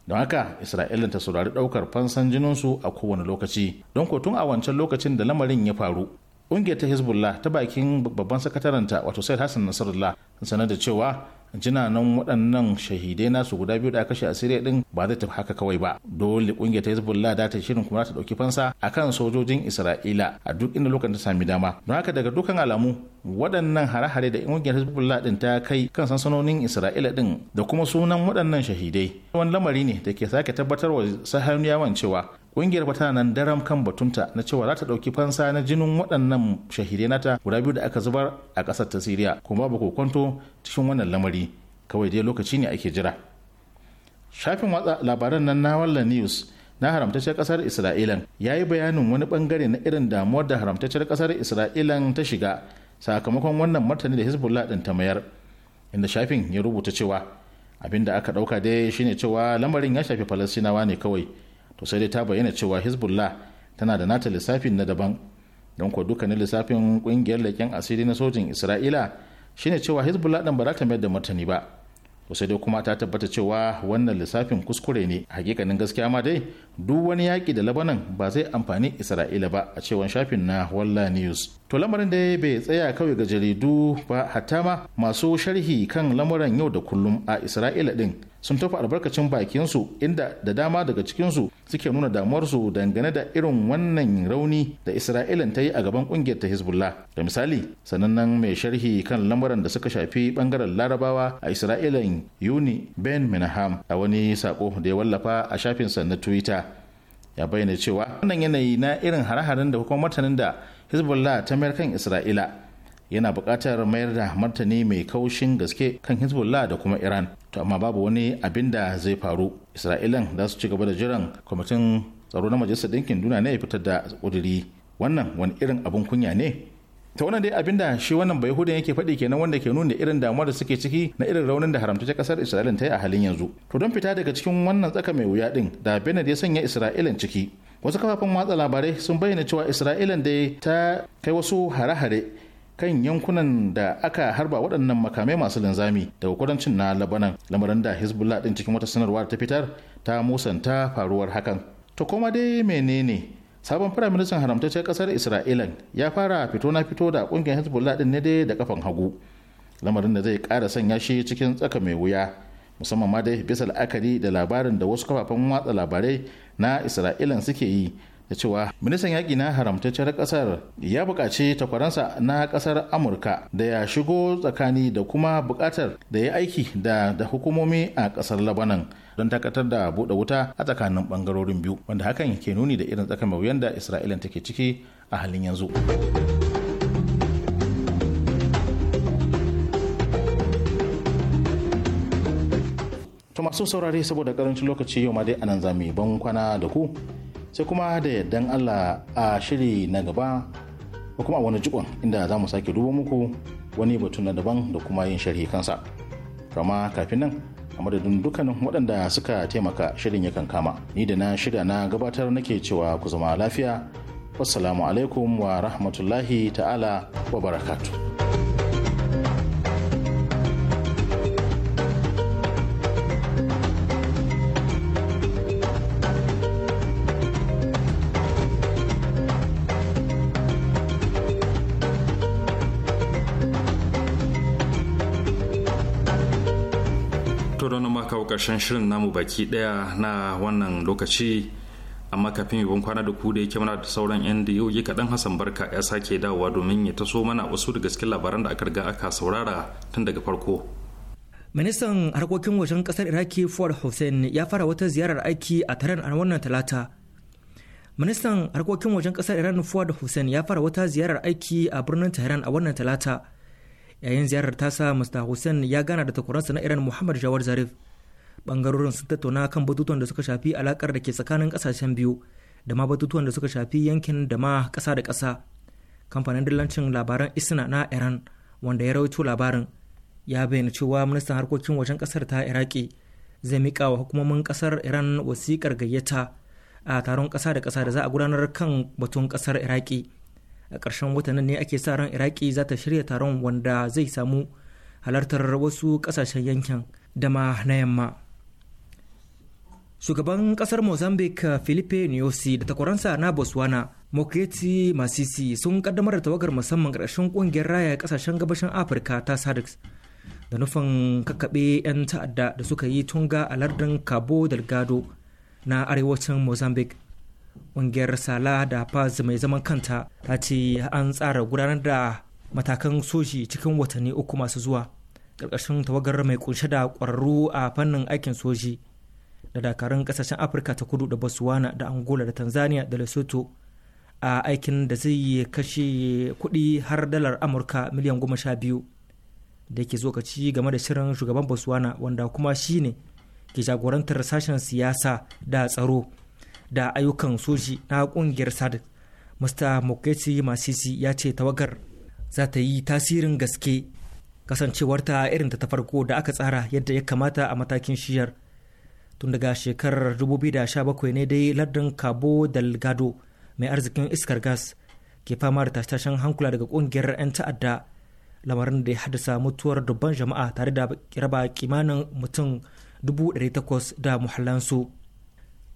S10: don haka isra'ilan ta saurari ɗaukar fansan jininsu a kowane lokaci don ko tun a wancan lokacin da lamarin ya faru kungiyar ta hezbollah ta bakin babban sakataranta wato said hassan nasarallah sanar da cewa jinanan waɗannan shahidai nasu guda biyu da aka kashe asiri din ba zai tafi haka kawai ba dole kungiyar ta hezbollah da ta shirin kuma ta dauki fansa a kan sojojin isra'ila a duk inda lokacin ta sami dama don haka daga dukkan alamu waɗannan hare-hare da kungiyar hezbollah din ta kai kan sansanonin isra'ila din da kuma sunan waɗannan shahidai wani lamari ne da ke sake tabbatar wa sahaniyawan cewa kungiyar ba tana nan daram kan batunta na cewa za ta dauki fansa na jinin waɗannan shahidai nata guda biyu da aka zubar a ƙasar ta siriya kuma babu kwanto cikin wannan lamari kawai dai lokaci ne ake jira shafin watsa labaran nan na wallan news na haramtacciyar kasar isra'ilan ya yi bayanin wani bangare na irin damuwar da haramtacciyar kasar isra'ilan ta shiga sakamakon wannan martani da hezbollah din ta mayar inda shafin ya rubuta cewa abinda da aka dauka dai shine cewa lamarin ya shafi falasinawa ne kawai to sai dai ta bayyana cewa hezbollah tana da nata lissafin na daban don kuwa dukkanin lissafin kungiyar leƙen asiri na sojin isra'ila shine cewa hezbollah ɗin ba za ta mayar da martani ba to sai dai kuma ta tabbata cewa wannan lissafin kuskure ne hakikanin gaskiya ma dai duk wani yaƙi da labanan ba zai amfani isra'ila ba a cewan shafin na walla news to lamarin da bai tsaya kawai ga jaridu ba hatta ma masu sharhi kan lamuran yau da kullum a isra'ila din sun tafi albarkacin bakinsu inda da dama daga cikinsu suke nuna damuwarsu dangane da irin wannan rauni da isra'ila ta yi a gaban kungiyar ta hezbollah da misali sanannen mai sharhi kan lamuran da suka shafi bangaren larabawa a isra'ila yuni ben minaham a wani sako da ya wallafa a shafinsa na twitter ya bayyana cewa wannan yanayi na irin hare-haren da hukumar mutanen da hezbollah ta mayar kan isra'ila yana buƙatar mayar da martani mai kaushin gaske kan hezbollah da kuma iran to amma babu wani abin da zai faru isra'ilan za su ci gaba da jiran kwamitin tsaro na majalisar ɗinkin duniya ne ya fitar da ƙuduri wannan wani irin abin kunya ne ta wannan dai abinda shi wannan bai hudun yake faɗi kenan wanda ke nuna irin damuwar da suke ciki na irin raunin da haramtacce kasar isra'ilan ta yi a halin yanzu to don fita daga cikin wannan tsaka mai wuya din da benard ya sanya isra'ilan ciki wasu kafafen watsa labarai sun bayyana cewa isra'ilan dai ta kai wasu hare-hare kan yankunan da aka harba waɗannan makamai masu linzami daga kudancin na labanan lamarin da hezbollah ɗin cikin wata sanarwa ta fitar ta musanta faruwar hakan to kuma dai menene sabon firaministan haramtaccen ƙasar isra'ila ya fara fito na fito da ƙungiyar hezbollah ɗin ne dai da kafan hagu lamarin da zai kara sanya shi cikin tsaka mai wuya musamman ma dai bisa la'akari da labarin da wasu kafafen watsa labarai na isra'ilan suke yi da cewa ministan yaƙi na haramtacciyar ƙasar ya buƙaci takwaransa na ƙasar amurka da ya shigo tsakani da kuma buƙatar da ya aiki da da hukumomi a ƙasar labanan don takatar da buɗe wuta a tsakanin ɓangarorin biyu wanda hakan ke nuni da irin tsakanin mawuyan da isra'ila take ciki a halin yanzu. to masu saurare saboda karancin lokaci yau ma dai anan zamu yi ban kwana da ku sai kuma da yardan Allah a shiri na gaba ko kuma wani jikon inda za mu sake duba muku wani batu na daban da kuma yin sharhi kansa kama kafin nan a madadin dukkanin waɗanda suka taimaka shirin yakan kama ni da na shirya na gabatar nake cewa ku zama lafiya wassalamu alaikum wa rahmatullahi ta'ala wa
S8: barakatuh
S1: karshen shirin namu baki daya na wannan lokaci amma kafin yabon kwana da ku da yake mana da sauran yan da yau kaɗan hassan barka ya sake dawowa domin ya taso mana wasu da gaske labaran da aka riga aka saurara tun daga farko
S3: ministan harkokin wajen kasar iraki fuad hussein ya fara wata ziyarar aiki a taron a wannan talata ministan harkokin wajen kasar iran fuad hussein ya fara wata ziyarar aiki a birnin tehran a wannan talata yayin ziyarar tasa mr hussein ya gana da takwaransa na iran muhammad jawar zarif bangarorin sun tattauna kan batutuwan da suka shafi alakar da ke tsakanin kasashen biyu da ma batutuwan da suka shafi yankin da ma kasa da ƙasa kamfanin dillancin labaran isna na iran wanda ya rawaito labarin ya bayyana cewa ministan harkokin wajen kasar ta iraki zai mika wa hukumomin ƙasar iran wasikar gayyata a taron ƙasa da kasa da za a gudanar kan batun ƙasar iraki a ƙarshen watannin ne ake sa ran iraki za ta shirya taron wanda zai samu halartar wasu ƙasashen yankin dama na yamma shugaban kasar mozambique filipe nyusi da takwaransa na botswana moketi masisi sun kaddamar da tawagar musamman ƙarshen ƙungiyar raya ƙasashen gabashin afirka ta sadc da nufin kakkaɓe 'yan ta'adda da suka yi tunga a lardin cabo delgado na arewacin mozambique ƙungiyar sala da paz mai zaman kanta ta ce an tsara gudanar da matakan soji cikin watanni uku masu zuwa ƙarƙashin tawagar mai kunshe da ƙwararru a fannin aikin soji da dakarun kasashen afirka ta kudu da botswana da angola da tanzania da lesotho a aikin da zai yi kashe kuɗi har dalar amurka miliyan goma sha biyu da ke zokaci game da shirin shugaban botswana wanda kuma shi ne ke jagorantar sashen siyasa da tsaro da ayyukan soji na kungiyar sadc mr moketi masisi ya ce tawagar za ta yi tasirin gaske kasancewarta irin ta farko da aka tsara yadda ya kamata a matakin shiyar tun daga shekarar 2017 ne dai lardin cabo delgado mai arzikin iskar gas ke fama da tashen hankula daga kungiyar 'yan ta'adda lamarin da ya haddasa mutuwar dubban jama'a tare da raba kimanin mutum 800 da muhallansu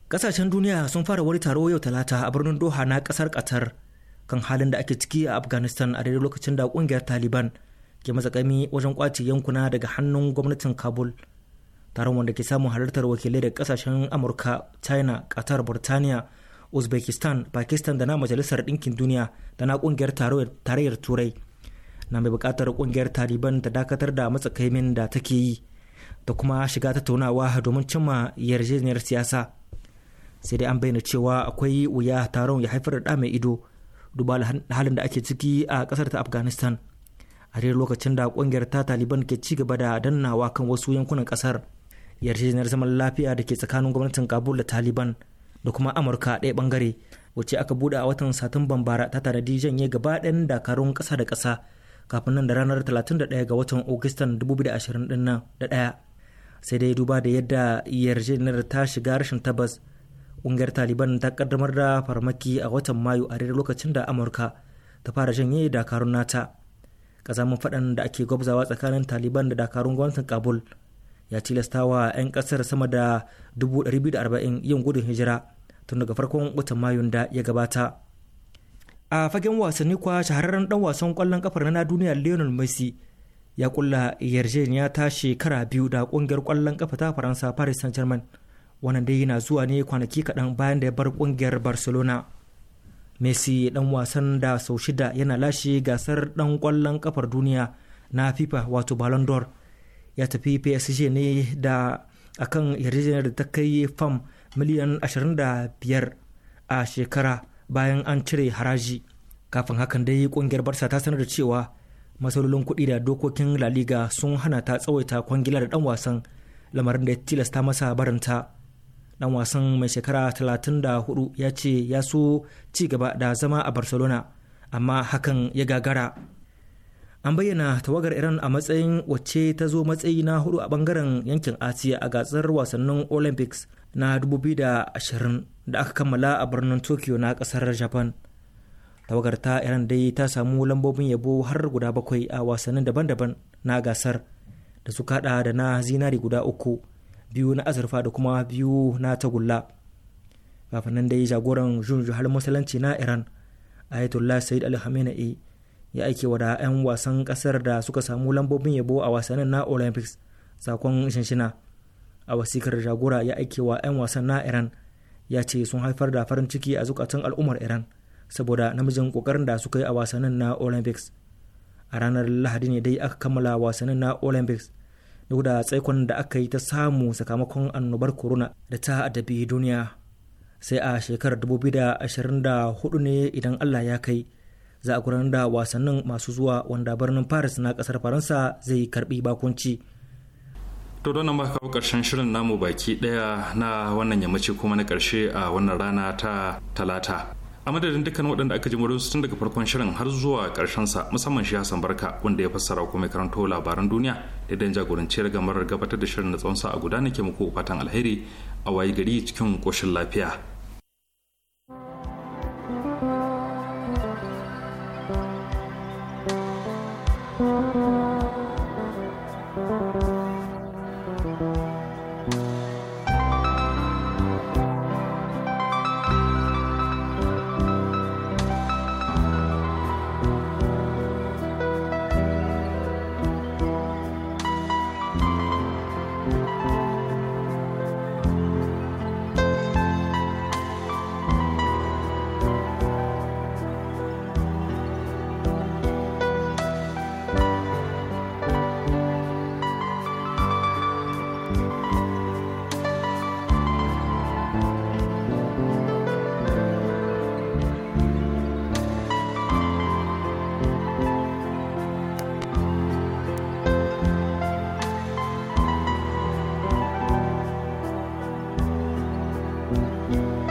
S3: kasashen duniya sun fara wani taro yau talata a birnin doha na kasar qatar kan halin da ake ciki a afghanistan a daidai lokacin da kungiyar taliban ke matsakami wajen kwace yankuna daga hannun gwamnatin kabul taron wanda ke samun halartar wakilai da kasashen amurka china qatar burtaniya uzbekistan pakistan da na majalisar ɗinkin duniya da na ƙungiyar tarayyar turai na mai bukatar ƙungiyar taliban ta dakatar da matsakaimin da take yi da kuma shiga tattaunawa domin cimma yarjejeniyar siyasa sai dai an bayyana cewa akwai wuya taron ya haifar da mai ido duba halin da ake ciki a ƙasar ta afghanistan a lokacin da ƙungiyar ta taliban ke ci gaba da dannawa kan wasu yankunan ƙasar yarjejeniyar zaman lafiya da ke tsakanin gwamnatin kabul da taliban da kuma amurka ɗaya bangare wacce aka buɗe a watan satumban bara ta tanadi janye gaba ɗayan dakarun ƙasa da ƙasa kafin nan da ranar 31 ga watan ogistan 2020 da ɗaya. Sai dai duba da yadda yarjejeniyar ta shiga rashin tabbas ƙungiyar Taliban ta kaddamar da farmaki a watan Mayu a daidai lokacin da Amurka ta fara janye dakarun nata. Kazamin faɗan da ake gwabzawa tsakanin Taliban da dakarun gwamnatin Kabul ya tilastawa 'yan kasar sama da 240 yin gudun hijira tun daga farkon watan mayun da ya gabata a fagen wasanni kwa shahararren dan wasan kwallon kafar na duniya lionel messi ya kulla yarjejeniya ta shekara biyu da kungiyar kwallon kafa ta faransa paris saint germain wannan dai yana zuwa ne kwanaki kaɗan bayan da ya bar kungiyar barcelona messi dan wasan da sau shida yana lashe gasar dan kwallon kafar duniya na fifa wato ballon d'or ya tafi psg ne da akan yarjejeniyar da ta kai fam miliyan 25 a shekara bayan an cire haraji kafin hakan dai kungiyar barsa ta sanar da cewa matsalolin kuɗi da dokokin laliga sun hana ta tsawaita kwangila da ɗan wasan lamarin da ya tilasta masa barinta ɗan wasan mai shekara 34 ya ce ya so ci gaba da zama a barcelona amma hakan ya gagara an bayyana tawagar iran a matsayin wacce ta zo matsayi na hudu a bangaren yankin asiya a gasar wasannin olympics na 2020 da aka kammala a birnin tokyo na kasar japan tawagar ta iran dai ta samu lambobin yabo har guda bakwai a wasannin daban-daban na gasar da su kada da na zinari guda uku biyu na azurfa da kuma biyu na tagulla kafin nan dai jagoran jun juhar musulunci na iran ayatollah said al-hamenei ya aike wa da 'yan wasan kasar da suka samu lambobin yabo a wasannin na olympics sakon shinshina a wasikar jagora ya aike wa 'yan wasan na iran ya ce sun haifar da farin ciki a zukatan al'ummar iran saboda namijin kokarin da suka yi a wasannin na olympics a ranar lahadi ne dai aka kammala wasannin na olympics duk da tsaikon da aka yi ta samu sakamakon annobar corona da ta adabi duniya sai a shekarar 2024 ne idan allah ya kai za a gudanar da wasannin masu zuwa wanda birnin paris na kasar faransa zai karbi bakunci
S1: to don nan kawo karshen shirin namu baki daya na wannan yammaci kuma na karshe a wannan rana ta talata a madadin dukkan waɗanda aka ji su tun daga farkon shirin har zuwa karshen sa musamman shi hassan barka wanda ya fassara kuma karanto labaran duniya da dan jagoranci gamar gabatar da shirin na tsawon sa a guda nake muku fatan alheri a wayi gari cikin koshin lafiya
S7: Thank you.